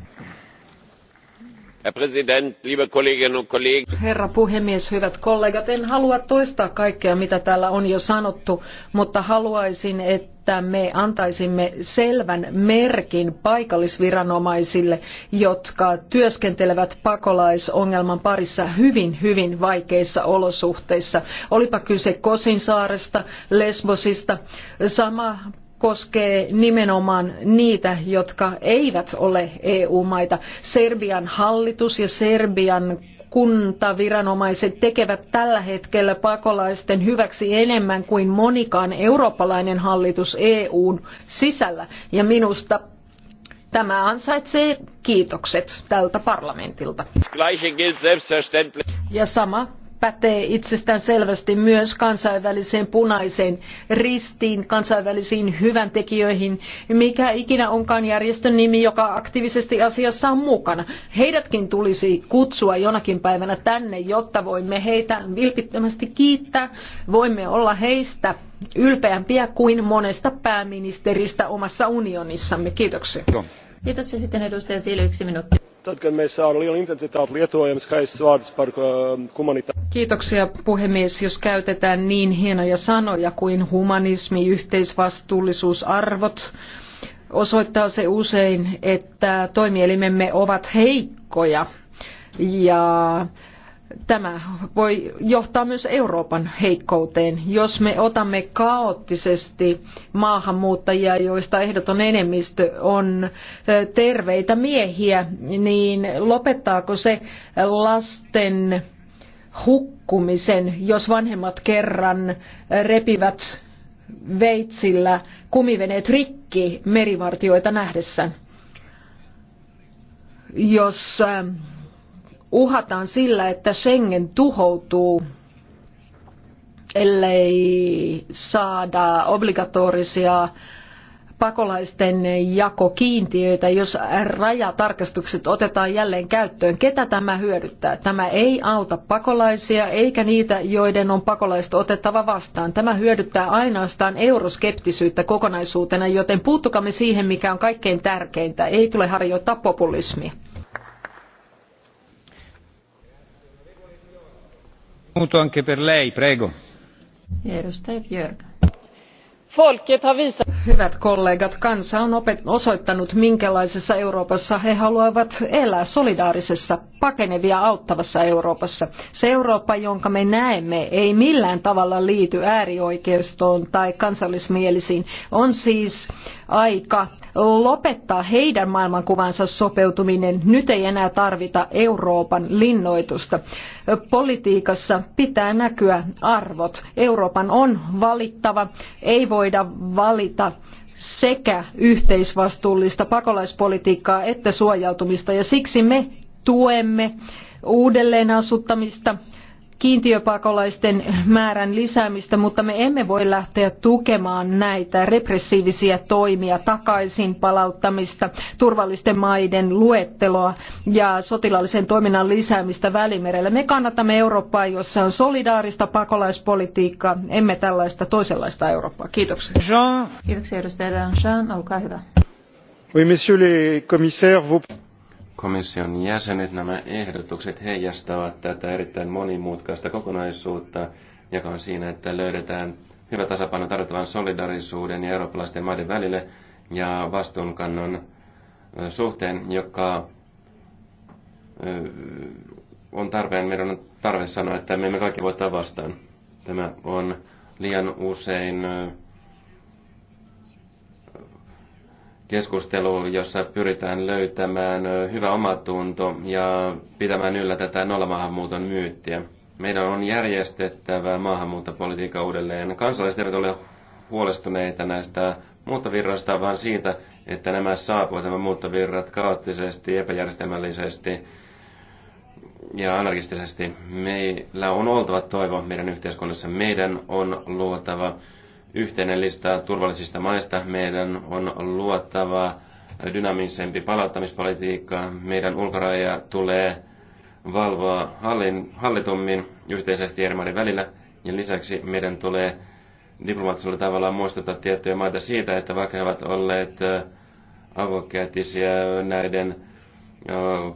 Herra puhemies, hyvät kollegat, en halua toistaa kaikkea, mitä täällä on jo sanottu, mutta haluaisin, että me antaisimme selvän merkin paikallisviranomaisille, jotka työskentelevät pakolaisongelman parissa hyvin, hyvin vaikeissa olosuhteissa. Olipa kyse Kosin saaresta, Lesbosista, sama koskee nimenomaan niitä, jotka eivät ole EU-maita. Serbian hallitus ja Serbian kuntaviranomaiset tekevät tällä hetkellä pakolaisten hyväksi enemmän kuin monikaan eurooppalainen hallitus EUn sisällä. Ja minusta Tämä ansaitsee kiitokset tältä parlamentilta. Ja sama pätee itsestään selvästi myös kansainväliseen punaiseen ristiin, kansainvälisiin hyväntekijöihin, mikä ikinä onkaan järjestön nimi, joka aktiivisesti asiassa on mukana. Heidätkin tulisi kutsua jonakin päivänä tänne, jotta voimme heitä vilpittömästi kiittää, voimme olla heistä ylpeämpiä kuin monesta pääministeristä omassa unionissamme. Kiitoksia. Kiitos ja sitten edustaja Siili, yksi minuutti tad, kad mēs ar lielu intensitāti lietojam skaistus vārdus par um, humanitārismu. Kiitoksia puhemies, jos käytetään niin hienoja sanoja kuin humanismi, yhteisvastuullisuus, arvot, osoittaa se usein, että toimielimemme ovat heikkoja ja Tämä voi johtaa myös Euroopan heikkouteen, jos me otamme kaoottisesti maahanmuuttajia, joista ehdoton enemmistö on terveitä miehiä, niin lopettaako se lasten hukkumisen, jos vanhemmat kerran repivät veitsillä kumiveneet rikki merivartioita nähdessä? Jos uhataan sillä, että Schengen tuhoutuu, ellei saada obligatorisia pakolaisten jakokiintiöitä, jos rajatarkastukset otetaan jälleen käyttöön. Ketä tämä hyödyttää? Tämä ei auta pakolaisia eikä niitä, joiden on pakolaista otettava vastaan. Tämä hyödyttää ainoastaan euroskeptisyyttä kokonaisuutena, joten puuttukamme siihen, mikä on kaikkein tärkeintä. Ei tule harjoittaa populismia. Hyvät kollegat, kansa on osoittanut, minkälaisessa Euroopassa he haluavat elää solidaarisessa, pakenevia auttavassa Euroopassa. Se Eurooppa, jonka me näemme, ei millään tavalla liity äärioikeistoon tai kansallismielisiin. On siis aika lopettaa heidän maailmankuvansa sopeutuminen. Nyt ei enää tarvita Euroopan linnoitusta. Politiikassa pitää näkyä arvot. Euroopan on valittava, ei voida valita sekä yhteisvastuullista pakolaispolitiikkaa että suojautumista ja siksi me tuemme uudelleenasuttamista, kiintiöpakolaisten määrän lisäämistä, mutta me emme voi lähteä tukemaan näitä repressiivisiä toimia, takaisin palauttamista, turvallisten maiden luetteloa ja sotilaallisen toiminnan lisäämistä Välimerellä. Me kannatamme Eurooppaa, jossa on solidaarista pakolaispolitiikkaa, emme tällaista toisenlaista Eurooppaa. Kiitoksia. Jean. Kiitoksia edustaja Jean, olkaa hyvä. Oui, messieurs les commissaires, komission jäsenet, nämä ehdotukset heijastavat tätä erittäin monimutkaista kokonaisuutta, joka on siinä, että löydetään hyvä tasapaino tarvittavan solidarisuuden ja eurooppalaisten maiden välille ja vastuunkannon suhteen, joka on tarpeen, meidän on tarve sanoa, että me emme kaikki voittaa vastaan. Tämä on liian usein keskustelu, jossa pyritään löytämään hyvä omatunto ja pitämään yllä tätä nollamaahanmuuton myyttiä. Meidän on järjestettävä maahanmuuttopolitiikka uudelleen. Kansalaiset eivät ole huolestuneita näistä muuttovirroista, vaan siitä, että nämä saapuvat nämä muuttovirrat kaoottisesti, epäjärjestelmällisesti ja anarkistisesti. Meillä on oltava toivo meidän yhteiskunnassa. Meidän on luotava yhteinen lista turvallisista maista. Meidän on luottava dynaamisempi palauttamispolitiikka. Meidän ulkoraja tulee valvoa hallin, hallitummin yhteisesti eri maiden välillä. Ja lisäksi meidän tulee diplomaattisella tavalla muistuttaa tiettyjä maita siitä, että vaikka he ovat olleet avokäytisiä näiden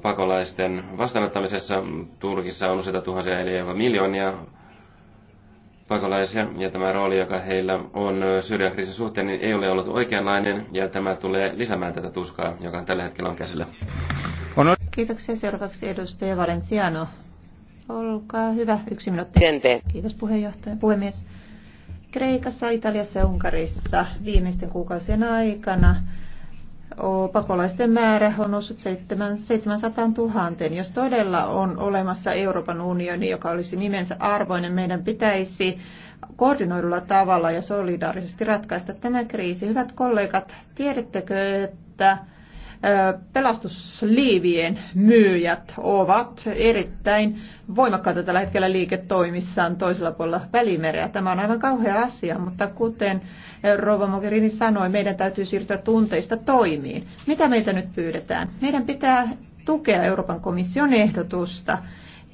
pakolaisten vastaanottamisessa, Turkissa on useita tuhansia eli miljoonia pakolaisia ja tämä rooli, joka heillä on syrjäkriisin suhteen, niin ei ole ollut oikeanlainen ja tämä tulee lisäämään tätä tuskaa, joka tällä hetkellä on käsillä. Kiitoksia. Seuraavaksi edustaja Valenciano. Olkaa hyvä. Yksi minuutti. Kiitos puheenjohtaja. Puhemies. Kreikassa, Italiassa ja Unkarissa viimeisten kuukausien aikana pakolaisten määrä on noussut 700 000. Jos todella on olemassa Euroopan unioni, joka olisi nimensä arvoinen, meidän pitäisi koordinoidulla tavalla ja solidaarisesti ratkaista tämä kriisi. Hyvät kollegat, tiedättekö, että pelastusliivien myyjät ovat erittäin voimakkaita tällä hetkellä liiketoimissaan toisella puolella välimereä. Tämä on aivan kauhea asia, mutta kuten Rova Mogherini sanoi, meidän täytyy siirtyä tunteista toimiin. Mitä meiltä nyt pyydetään? Meidän pitää tukea Euroopan komission ehdotusta.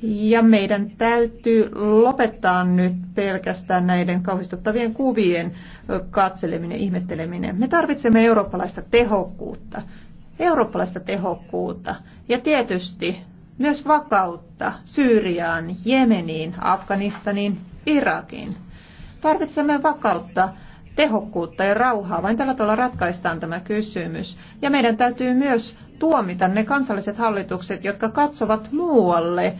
Ja meidän täytyy lopettaa nyt pelkästään näiden kauhistuttavien kuvien katseleminen, ihmetteleminen. Me tarvitsemme eurooppalaista tehokkuutta eurooppalaista tehokkuutta ja tietysti myös vakautta Syyriaan, Jemeniin, Afganistaniin, Irakiin. Tarvitsemme vakautta, tehokkuutta ja rauhaa. Vain tällä tavalla ratkaistaan tämä kysymys. Ja meidän täytyy myös tuomita ne kansalliset hallitukset, jotka katsovat muualle,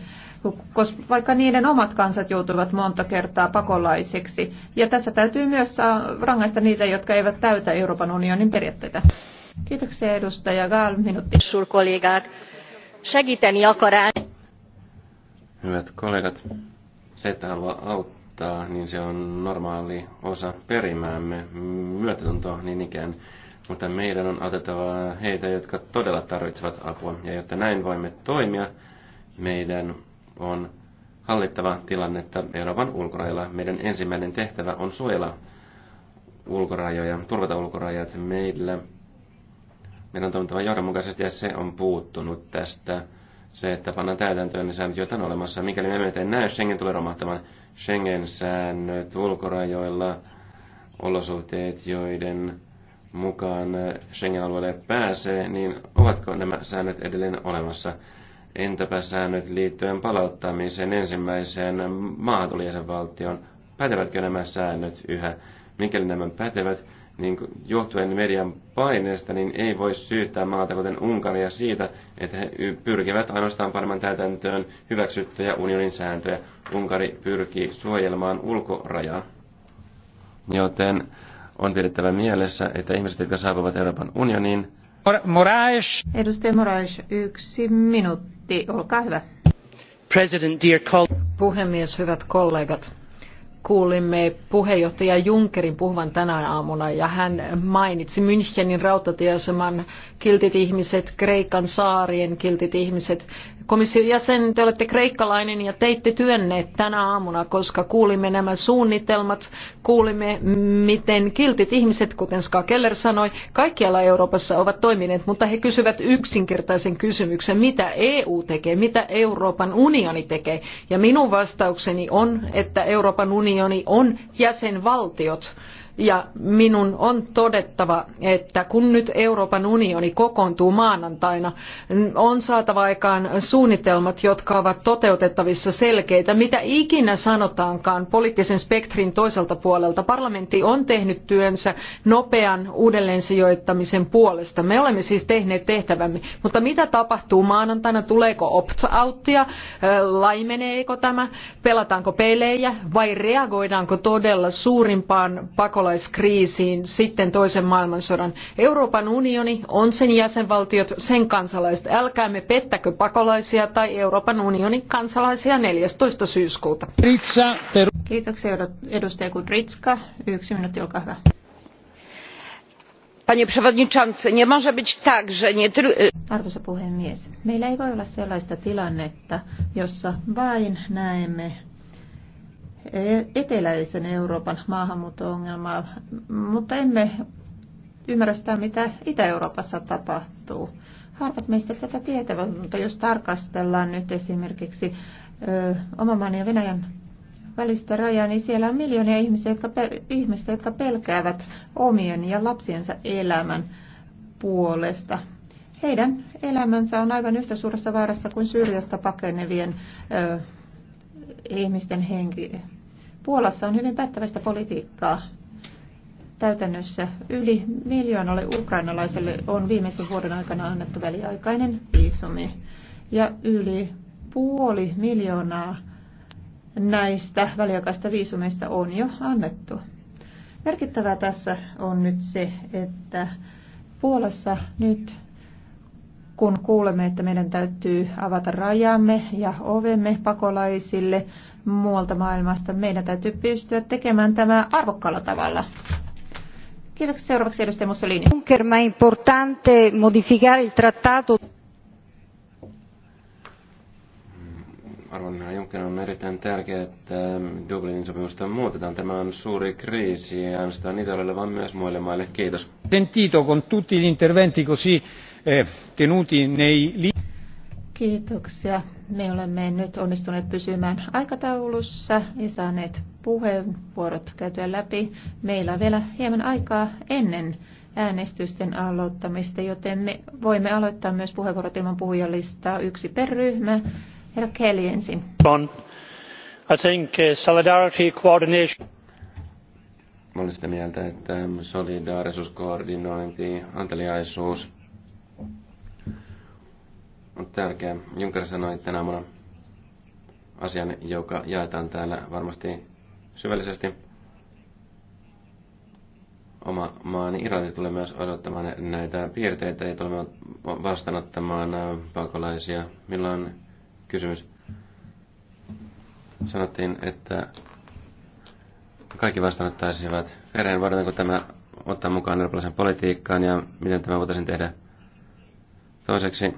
koska vaikka niiden omat kansat joutuvat monta kertaa pakolaisiksi. Ja tässä täytyy myös äh, rangaista niitä, jotka eivät täytä Euroopan unionin periaatteita. Kiitoksia edustaja Gaal, minuutti. Kollegat, segiteni akarán. Hyvät kollegat, se, että haluaa auttaa, niin se on normaali osa perimäämme, myötätuntoa niin ikään. Mutta meidän on otettava heitä, jotka todella tarvitsevat apua. Ja jotta näin voimme toimia, meidän on hallittava tilannetta Euroopan ulkorajoilla. Meidän ensimmäinen tehtävä on suojella ulkorajoja, turvata ulkorajat. Meillä meidän on toimittava johdonmukaisesti ja se on puuttunut tästä. Se, että pannaan täytäntöön ne säännöt, joita on olemassa. Mikäli me emme tee näy, Schengen tulee romahtamaan. Schengen-säännöt ulkorajoilla, olosuhteet, joiden mukaan Schengen-alueelle pääsee, niin ovatko nämä säännöt edelleen olemassa? Entäpä säännöt liittyen palauttamiseen ensimmäiseen maahantulijäsenvaltioon? Pätevätkö nämä säännöt yhä? Mikäli nämä pätevät, niin johtuen median paineesta, niin ei voi syyttää maata kuten Unkaria siitä, että he pyrkivät ainoastaan paremman täytäntöön hyväksyttyjä unionin sääntöjä. Unkari pyrkii suojelemaan ulkorajaa. Joten on pidettävä mielessä, että ihmiset, jotka saapuvat Euroopan unioniin... Moraes. Edustaja Moraes, yksi minuutti, olkaa hyvä. President, dear Puhemies, hyvät kollegat kuulimme puheenjohtaja Junckerin puhuvan tänä aamuna ja hän mainitsi Münchenin rautatieaseman kiltit ihmiset, Kreikan saarien kiltit ihmiset. Komission jäsen, te olette kreikkalainen ja teitte työnne tänä aamuna, koska kuulimme nämä suunnitelmat, kuulimme miten kiltit ihmiset, kuten Ska Keller sanoi, kaikkialla Euroopassa ovat toimineet, mutta he kysyvät yksinkertaisen kysymyksen, mitä EU tekee, mitä Euroopan unioni tekee. Ja minun vastaukseni on, että Euroopan unioni on jäsenvaltiot. Ja minun on todettava, että kun nyt Euroopan unioni kokoontuu maanantaina, on saatava aikaan suunnitelmat, jotka ovat toteutettavissa selkeitä. Mitä ikinä sanotaankaan poliittisen spektrin toiselta puolelta, parlamentti on tehnyt työnsä nopean uudelleensijoittamisen puolesta. Me olemme siis tehneet tehtävämme. Mutta mitä tapahtuu maanantaina? Tuleeko opt-outtia? Laimeneeko tämä? Pelataanko pelejä? Vai reagoidaanko todella suurimpaan pakolaisuuteen? pakolaiskriisiin sitten toisen maailmansodan. Euroopan unioni on sen jäsenvaltiot, sen kansalaiset. Älkäämme pettäkö pakolaisia tai Euroopan unionin kansalaisia 14. syyskuuta. Kiitoksia edustaja Kudritska. Yksi minuutti, olkaa hyvä. Panie przewodniczący, nie może być tak, że nie Arvoisa puhemies, meillä ei voi olla sellaista tilannetta, jossa vain näemme E- eteläisen Euroopan maahanmuuttoongelmaa, mutta emme ymmärrä sitä, mitä Itä-Euroopassa tapahtuu. Harvat meistä tätä tietävät, mutta jos tarkastellaan nyt esimerkiksi ö, oman ja Venäjän välistä rajaa, niin siellä on miljoonia ihmisiä, jotka, ihmistä, jotka pelkäävät omien ja lapsiensa elämän puolesta. Heidän elämänsä on aivan yhtä suuressa vaarassa kuin syrjästä pakenevien ö, ihmisten henki, Puolassa on hyvin päättävästä politiikkaa täytännössä. Yli miljoonalle ukrainalaiselle on viimeisen vuoden aikana annettu väliaikainen viisumi. Ja yli puoli miljoonaa näistä väliaikaista viisumeista on jo annettu. Merkittävää tässä on nyt se, että Puolassa nyt kun kuulemme, että meidän täytyy avata rajamme ja ovemme pakolaisille, muualta maailmasta. Meidän täytyy pystyä tekemään tämä arvokkaalla tavalla. Kiitoksia seuraavaksi edustaja Mussolini. Juncker, ma importante modificare il trattato. Arvon Juncker on erittäin tärkeää, että Dublinin sopimusta muutetaan. Tämä on suuri kriisi ja ainoastaan Italialle, vaan myös muille maille. Kiitos. Sentito con tutti gli interventi così eh, tenuti nei... Kiitoksia me olemme nyt onnistuneet pysymään aikataulussa ja saaneet puheenvuorot käytyä läpi. Meillä on vielä hieman aikaa ennen äänestysten aloittamista, joten me voimme aloittaa myös puheenvuorot ilman puhujalistaa yksi per ryhmä. Herra Kelly ensin. I think uh, solidarity coordination. Mä olen sitä mieltä, että solidaarisuuskoordinointi, anteliaisuus on tärkeä. Junker sanoi tänä aamuna asian, joka jaetaan täällä varmasti syvällisesti. Oma maani Irlanti tulee myös odottamaan näitä piirteitä ja tulee vastaanottamaan äh, pakolaisia. Milloin on kysymys? Sanottiin, että kaikki vastaanottaisivat perheen. Voidaanko tämä ottaa mukaan eurooppalaisen politiikkaan ja miten tämä voitaisiin tehdä? Toiseksi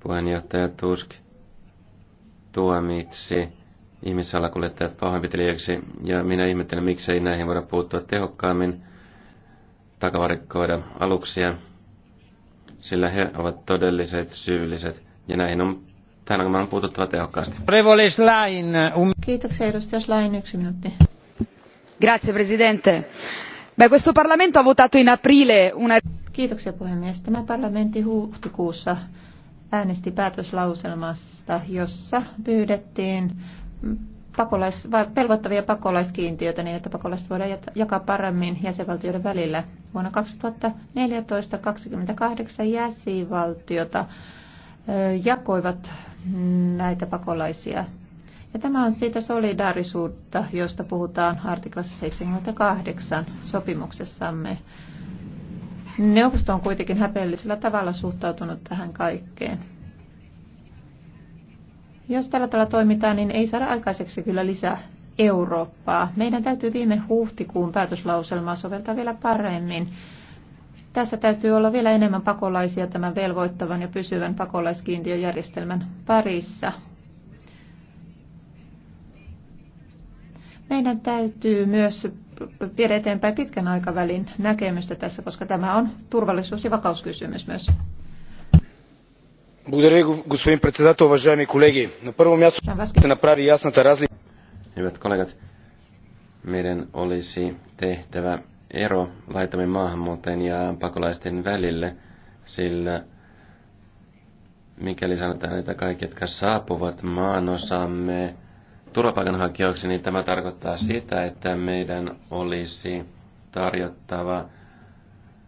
Puheenjohtaja Tusk tuomitsi ihmissalakuljettajat pahoinpitelijäksi. ja minä ihmettelen, miksei näihin voida puuttua tehokkaammin, takavarikkoida aluksia, sillä he ovat todelliset syylliset, ja näihin on tähän on puututtava tehokkaasti. Kiitoksia edustaja Slain, yksi minuutti. Grazie Presidente. Beh, questo Parlamento ha votato in aprile una... Kiitoksia puhemies. Tämä parlamentti huhtikuussa äänesti päätöslauselmasta, jossa pyydettiin pakolais, vai velvoittavia pakolaiskiintiöitä niin, että pakolaiset voidaan jakaa paremmin jäsenvaltioiden välillä. Vuonna 2014 28 jäsenvaltiota jakoivat näitä pakolaisia. Ja tämä on siitä solidaarisuutta, josta puhutaan artiklassa 78 sopimuksessamme. Neuvosto on kuitenkin häpeällisellä tavalla suhtautunut tähän kaikkeen. Jos tällä tavalla toimitaan, niin ei saada aikaiseksi kyllä lisää Eurooppaa. Meidän täytyy viime huhtikuun päätöslauselmaa soveltaa vielä paremmin. Tässä täytyy olla vielä enemmän pakolaisia tämän velvoittavan ja pysyvän pakolaiskiintiöjärjestelmän parissa. Meidän täytyy myös viedä eteenpäin pitkän aikavälin näkemystä tässä, koska tämä on turvallisuus- ja vakauskysymys myös. Hyvät kollegat, meidän olisi tehtävä ero laitamme maahanmuuttajien ja pakolaisten välille, sillä mikäli sanotaan, että kaikki, jotka saapuvat maanosamme, turvapaikanhakijoiksi, niin tämä tarkoittaa sitä, että meidän olisi tarjottava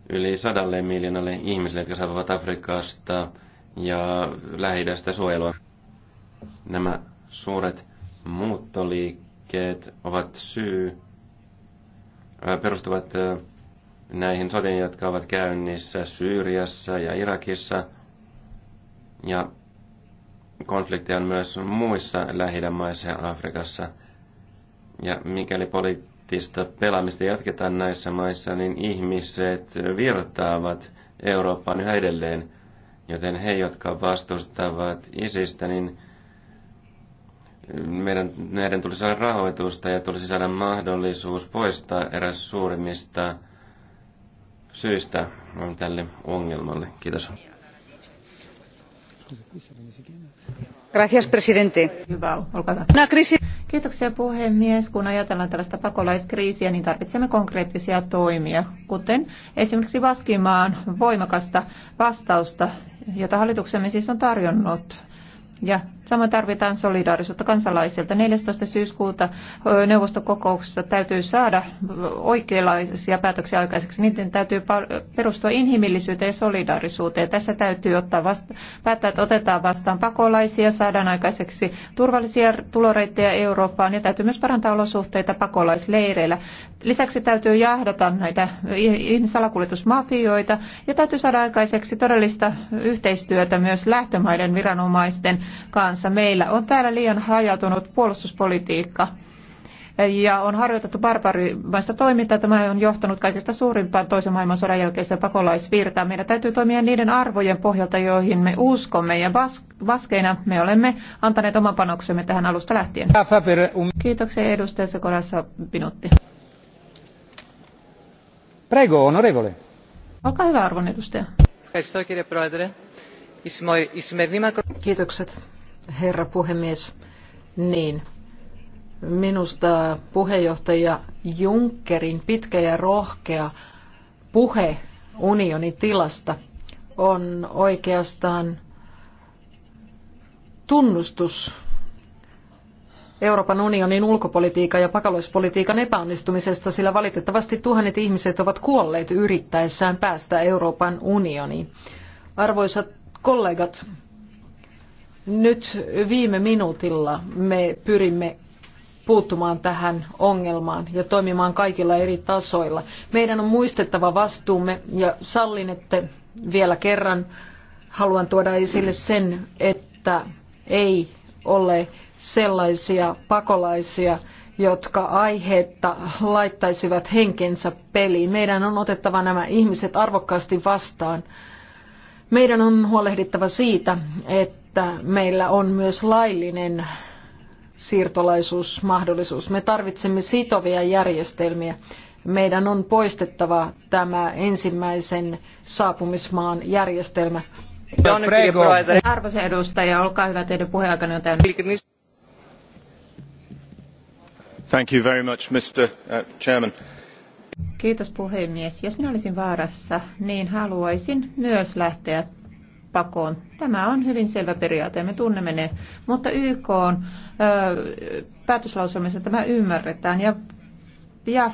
yli sadalle miljoonalle ihmisille, jotka saavat Afrikasta ja lähi suojelua. Nämä suuret muuttoliikkeet ovat syy, äh, perustuvat äh, näihin sotiin, jotka ovat käynnissä Syyriassa ja Irakissa. Ja konflikteja on myös muissa lähi maissa ja Afrikassa. Ja mikäli poliittista pelaamista jatketaan näissä maissa, niin ihmiset virtaavat Eurooppaan yhä edelleen. Joten he, jotka vastustavat isistä, niin meidän, meidän tulisi saada rahoitusta ja tulisi saada mahdollisuus poistaa eräs suurimmista syistä tälle ongelmalle. Kiitos. Gracias, Kiitoksia puhemies. Kun ajatellaan tällaista pakolaiskriisiä, niin tarvitsemme konkreettisia toimia, kuten esimerkiksi Vaskimaan voimakasta vastausta, jota hallituksemme siis on tarjonnut ja sama tarvitaan solidaarisuutta kansalaisilta. 14. syyskuuta neuvostokokouksessa täytyy saada oikeanlaisia päätöksiä aikaiseksi. Niiden täytyy perustua inhimillisyyteen ja solidaarisuuteen. Tässä täytyy ottaa vasta- päättää, että otetaan vastaan pakolaisia, saadaan aikaiseksi turvallisia tuloreittejä Eurooppaan ja täytyy myös parantaa olosuhteita pakolaisleireillä. Lisäksi täytyy jahdata näitä ihmissalakuljetusmafioita ja täytyy saada aikaiseksi todellista yhteistyötä myös lähtömaiden viranomaisten kanssa. Meillä on täällä liian hajautunut puolustuspolitiikka ja on harjoitettu barbarimaista toimintaa. Tämä on johtanut kaikista suurimpaan toisen maailmansodan jälkeiseen pakolaisvirtaan. Meidän täytyy toimia niiden arvojen pohjalta, joihin me uskomme. Ja vaskeina me olemme antaneet oman panoksemme tähän alusta lähtien. Kiitoksia edustaja Sekolassa minuutti. Prego, onorevole. Olkaa hyvä arvon edustaja. Kiitos, Er Kiitokset, herra puhemies. Niin, minusta puheenjohtaja Junckerin pitkä ja rohkea puhe unionin tilasta on oikeastaan tunnustus Euroopan unionin ulkopolitiikan ja pakolaispolitiikan epäonnistumisesta, sillä valitettavasti tuhannet ihmiset ovat kuolleet yrittäessään päästä Euroopan unioniin. Arvoisat Kollegat, nyt viime minuutilla me pyrimme puuttumaan tähän ongelmaan ja toimimaan kaikilla eri tasoilla. Meidän on muistettava vastuumme ja sallin, että vielä kerran haluan tuoda esille sen, että ei ole sellaisia pakolaisia, jotka aiheetta laittaisivat henkensä peliin. Meidän on otettava nämä ihmiset arvokkaasti vastaan meidän on huolehdittava siitä, että meillä on myös laillinen siirtolaisuusmahdollisuus. Me tarvitsemme sitovia järjestelmiä. Meidän on poistettava tämä ensimmäisen saapumismaan järjestelmä. Arvoisa edustaja, olkaa hyvä, teidän puheaikanne on täynnä. Thank you very much, Mr. Uh, Chairman. Kiitos puhemies. Jos minä olisin vaarassa, niin haluaisin myös lähteä pakoon. Tämä on hyvin selvä periaate ja me tunnemme ne. Mutta YK on päätöslauselmissa tämä ymmärretään ja, ja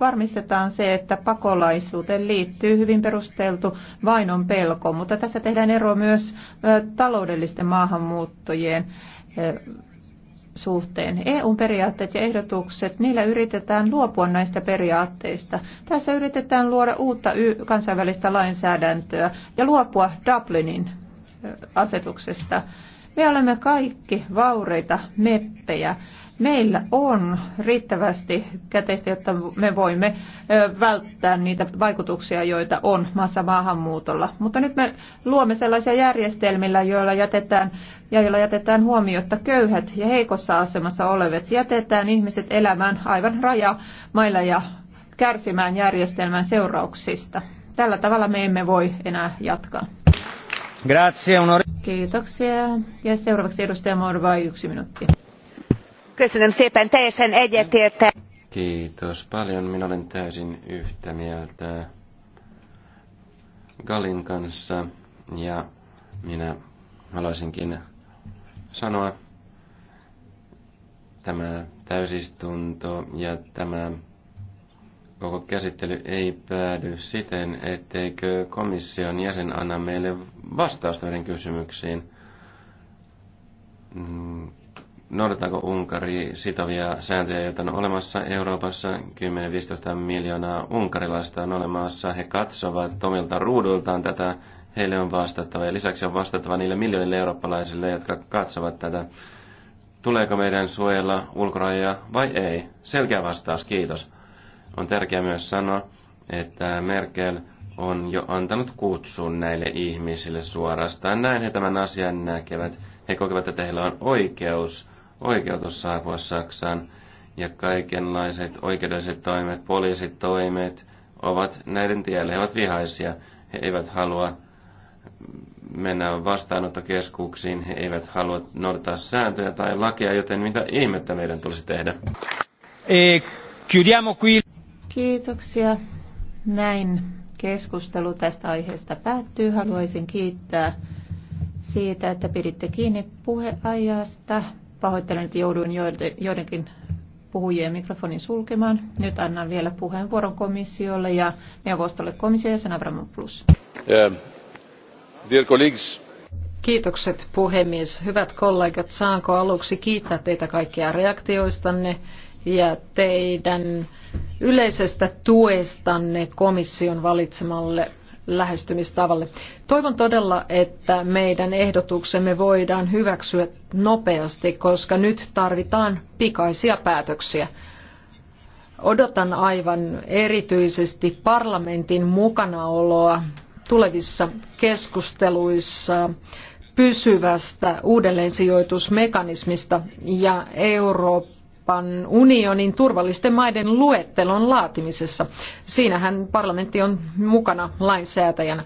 varmistetaan se, että pakolaisuuteen liittyy hyvin perusteltu vainon pelko, mutta tässä tehdään ero myös taloudellisten maahanmuuttojen suhteen. EUn periaatteet ja ehdotukset, niillä yritetään luopua näistä periaatteista. Tässä yritetään luoda uutta kansainvälistä lainsäädäntöä ja luopua Dublinin asetuksesta. Me olemme kaikki vaureita meppejä Meillä on riittävästi käteistä, jotta me voimme välttää niitä vaikutuksia, joita on maassa maahanmuutolla. Mutta nyt me luomme sellaisia järjestelmillä, joilla jätetään, ja joilla jätetään huomiota köyhät ja heikossa asemassa olevat. Jätetään ihmiset elämään aivan rajamailla ja kärsimään järjestelmän seurauksista. Tällä tavalla me emme voi enää jatkaa. Grazie, Kiitoksia. Ja seuraavaksi edustaja Morvai, yksi minuutti teljesen egyetértek. Kiitos paljon. Minä olen täysin yhtä mieltä Galin kanssa ja minä haluaisinkin sanoa tämä täysistunto ja tämä koko käsittely ei päädy siten, etteikö komission jäsen anna meille vastausta meidän kysymyksiin. Mm, Noudatanko Unkari sitovia sääntöjä, joita on olemassa Euroopassa? 10-15 miljoonaa unkarilaista on olemassa. He katsovat omilta ruudultaan tätä. Heille on vastattava ja lisäksi on vastattava niille miljoonille eurooppalaisille, jotka katsovat tätä. Tuleeko meidän suojella ulkorajoja vai ei? Selkeä vastaus, kiitos. On tärkeää myös sanoa, että Merkel on jo antanut kutsun näille ihmisille suorastaan. Näin he tämän asian näkevät. He kokevat, että heillä on oikeus oikeutus saapua Saksaan. Ja kaikenlaiset oikeudelliset toimet, toimet, ovat näiden tielle He ovat vihaisia. He eivät halua mennä vastaanottokeskuksiin. He eivät halua noudattaa sääntöjä tai lakia, joten mitä ihmettä meidän tulisi tehdä? E, Kiitoksia. Näin keskustelu tästä aiheesta päättyy. Haluaisin kiittää siitä, että piditte kiinni puheajasta. Pahoittelen, että jouduin joidenkin puhujien mikrofonin sulkemaan. Nyt annan vielä puheenvuoron komissiolle ja neuvostolle komission jäsen Avramopoulos. Ähm, Kiitokset puhemies. Hyvät kollegat, saanko aluksi kiittää teitä kaikkia reaktioistanne ja teidän yleisestä tuestanne komission valitsemalle lähestymistavalle. Toivon todella, että meidän ehdotuksemme voidaan hyväksyä nopeasti, koska nyt tarvitaan pikaisia päätöksiä. Odotan aivan erityisesti parlamentin mukanaoloa tulevissa keskusteluissa pysyvästä uudelleensijoitusmekanismista ja Euroopan Euroopan unionin turvallisten maiden luettelon laatimisessa. Siinähän parlamentti on mukana lainsäätäjänä.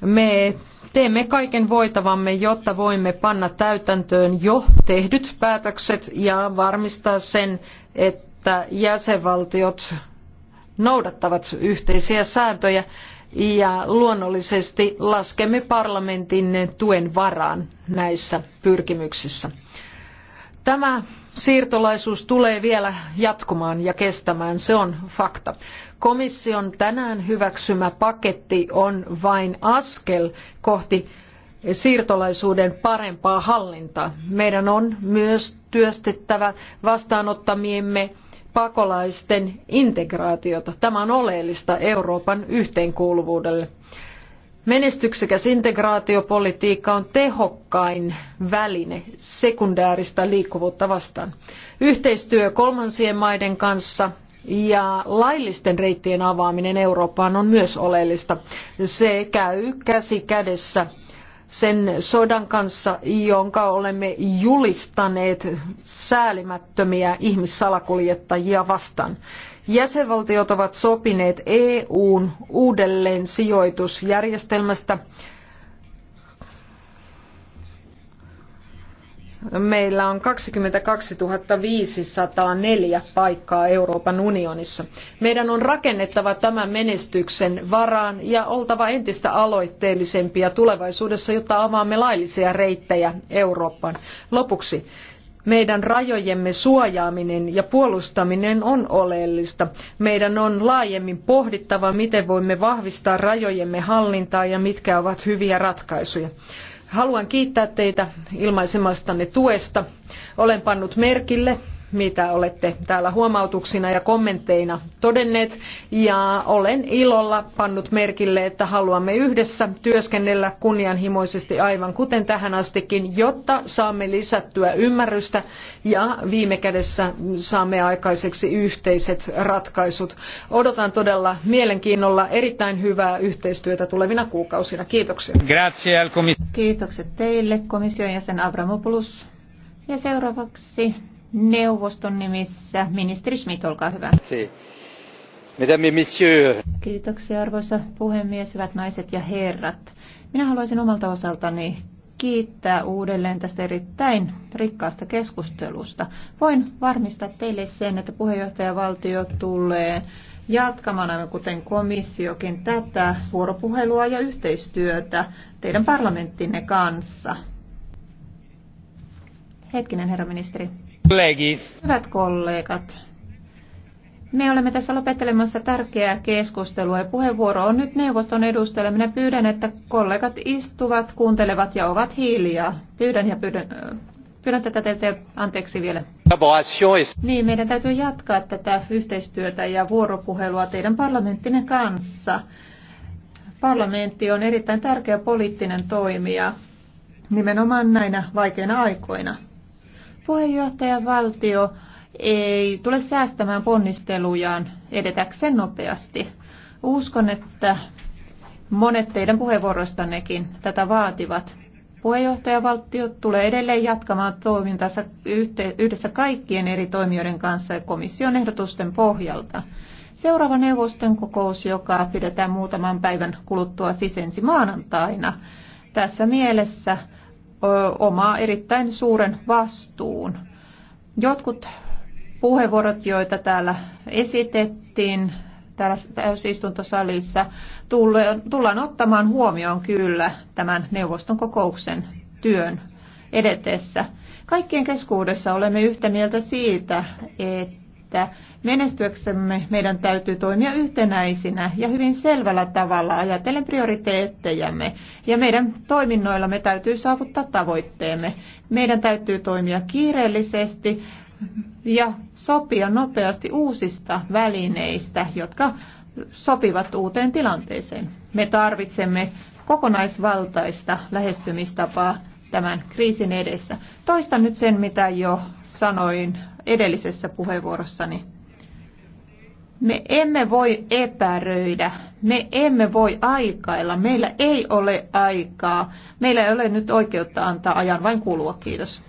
Me teemme kaiken voitavamme, jotta voimme panna täytäntöön jo tehdyt päätökset ja varmistaa sen, että jäsenvaltiot noudattavat yhteisiä sääntöjä ja luonnollisesti laskemme parlamentin tuen varaan näissä pyrkimyksissä. Tämä siirtolaisuus tulee vielä jatkumaan ja kestämään, se on fakta. Komission tänään hyväksymä paketti on vain askel kohti siirtolaisuuden parempaa hallintaa. Meidän on myös työstettävä vastaanottamiemme pakolaisten integraatiota. Tämä on oleellista Euroopan yhteenkuuluvuudelle. Menestyksekäs integraatiopolitiikka on tehokkain väline sekundääristä liikkuvuutta vastaan. Yhteistyö kolmansien maiden kanssa ja laillisten reittien avaaminen Eurooppaan on myös oleellista. Se käy käsi kädessä sen sodan kanssa, jonka olemme julistaneet säälimättömiä ihmissalakuljettajia vastaan. Jäsenvaltiot ovat sopineet EUn uudelleen sijoitusjärjestelmästä. Meillä on 22 504 paikkaa Euroopan unionissa. Meidän on rakennettava tämän menestyksen varaan ja oltava entistä aloitteellisempia tulevaisuudessa, jotta avaamme laillisia reittejä Eurooppaan. Lopuksi meidän rajojemme suojaaminen ja puolustaminen on oleellista. Meidän on laajemmin pohdittava, miten voimme vahvistaa rajojemme hallintaa ja mitkä ovat hyviä ratkaisuja. Haluan kiittää teitä ilmaisemastanne tuesta. Olen pannut merkille, mitä olette täällä huomautuksina ja kommentteina todenneet. Ja olen ilolla pannut merkille, että haluamme yhdessä työskennellä kunnianhimoisesti aivan kuten tähän astikin, jotta saamme lisättyä ymmärrystä ja viime kädessä saamme aikaiseksi yhteiset ratkaisut. Odotan todella mielenkiinnolla erittäin hyvää yhteistyötä tulevina kuukausina. Kiitoksia. Kiitokset teille komission jäsen Abramopoulos. Ja seuraavaksi neuvoston nimissä. Ministeri Schmidt, olkaa hyvä. Kiitoksia arvoisa puhemies, hyvät naiset ja herrat. Minä haluaisin omalta osaltani kiittää uudelleen tästä erittäin rikkaasta keskustelusta. Voin varmistaa teille sen, että puheenjohtajavaltio tulee jatkamaan, aivan kuten komissiokin, tätä vuoropuhelua ja yhteistyötä teidän parlamenttinne kanssa. Hetkinen, herra ministeri. Hyvät kollegat, me olemme tässä lopettelemassa tärkeää keskustelua ja puheenvuoro on nyt neuvoston edustajalle. Minä pyydän, että kollegat istuvat, kuuntelevat ja ovat hiljaa. Pyydän ja pyydän, pyydän tätä teiltä anteeksi vielä. Niin, meidän täytyy jatkaa tätä yhteistyötä ja vuoropuhelua teidän parlamenttinen kanssa. Parlamentti on erittäin tärkeä poliittinen toimija nimenomaan näinä vaikeina aikoina valtio ei tule säästämään ponnistelujaan edetäkseen nopeasti. Uskon, että monet teidän puheenvuoroistannekin tätä vaativat. Puheenjohtajavaltio tulee edelleen jatkamaan toimintansa yhdessä kaikkien eri toimijoiden kanssa ja komission ehdotusten pohjalta. Seuraava neuvoston kokous, joka pidetään muutaman päivän kuluttua siis ensi maanantaina. Tässä mielessä omaa erittäin suuren vastuun. Jotkut puheenvuorot, joita täällä esitettiin täällä täysistuntosalissa, tullaan ottamaan huomioon kyllä tämän neuvoston kokouksen työn edetessä. Kaikkien keskuudessa olemme yhtä mieltä siitä, että että menestyäksemme meidän täytyy toimia yhtenäisinä ja hyvin selvällä tavalla ajatellen prioriteettejämme. Ja meidän toiminnoilla me täytyy saavuttaa tavoitteemme. Meidän täytyy toimia kiireellisesti ja sopia nopeasti uusista välineistä, jotka sopivat uuteen tilanteeseen. Me tarvitsemme kokonaisvaltaista lähestymistapaa tämän kriisin edessä. Toistan nyt sen, mitä jo sanoin edellisessä puheenvuorossani. Me emme voi epäröidä, me emme voi aikailla, meillä ei ole aikaa, meillä ei ole nyt oikeutta antaa ajan vain kulua. Kiitos.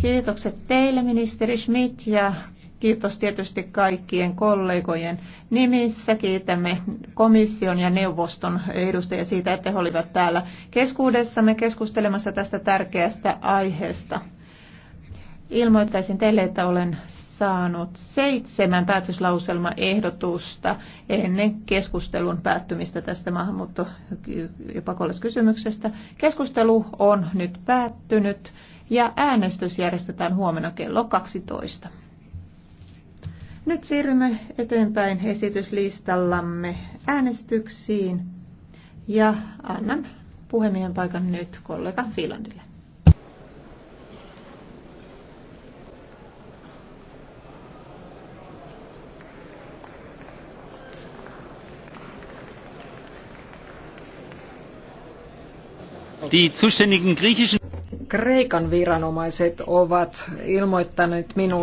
Kiitokset teille, ministeri Schmidt, ja kiitos tietysti kaikkien kollegojen nimissä. Kiitämme komission ja neuvoston edustajia siitä, että he olivat täällä keskuudessamme keskustelemassa tästä tärkeästä aiheesta. Ilmoittaisin teille, että olen saanut seitsemän päätöslauselmaehdotusta ennen keskustelun päättymistä tästä maahanmuutto- ja pakolaiskysymyksestä. Keskustelu on nyt päättynyt ja äänestys järjestetään huomenna kello 12. Nyt siirrymme eteenpäin esityslistallamme äänestyksiin ja annan puhemiehen paikan nyt kollega Filandille. Die zuständigen griechischen Kreikan viranomaiset ovat ilmoittaneet minulle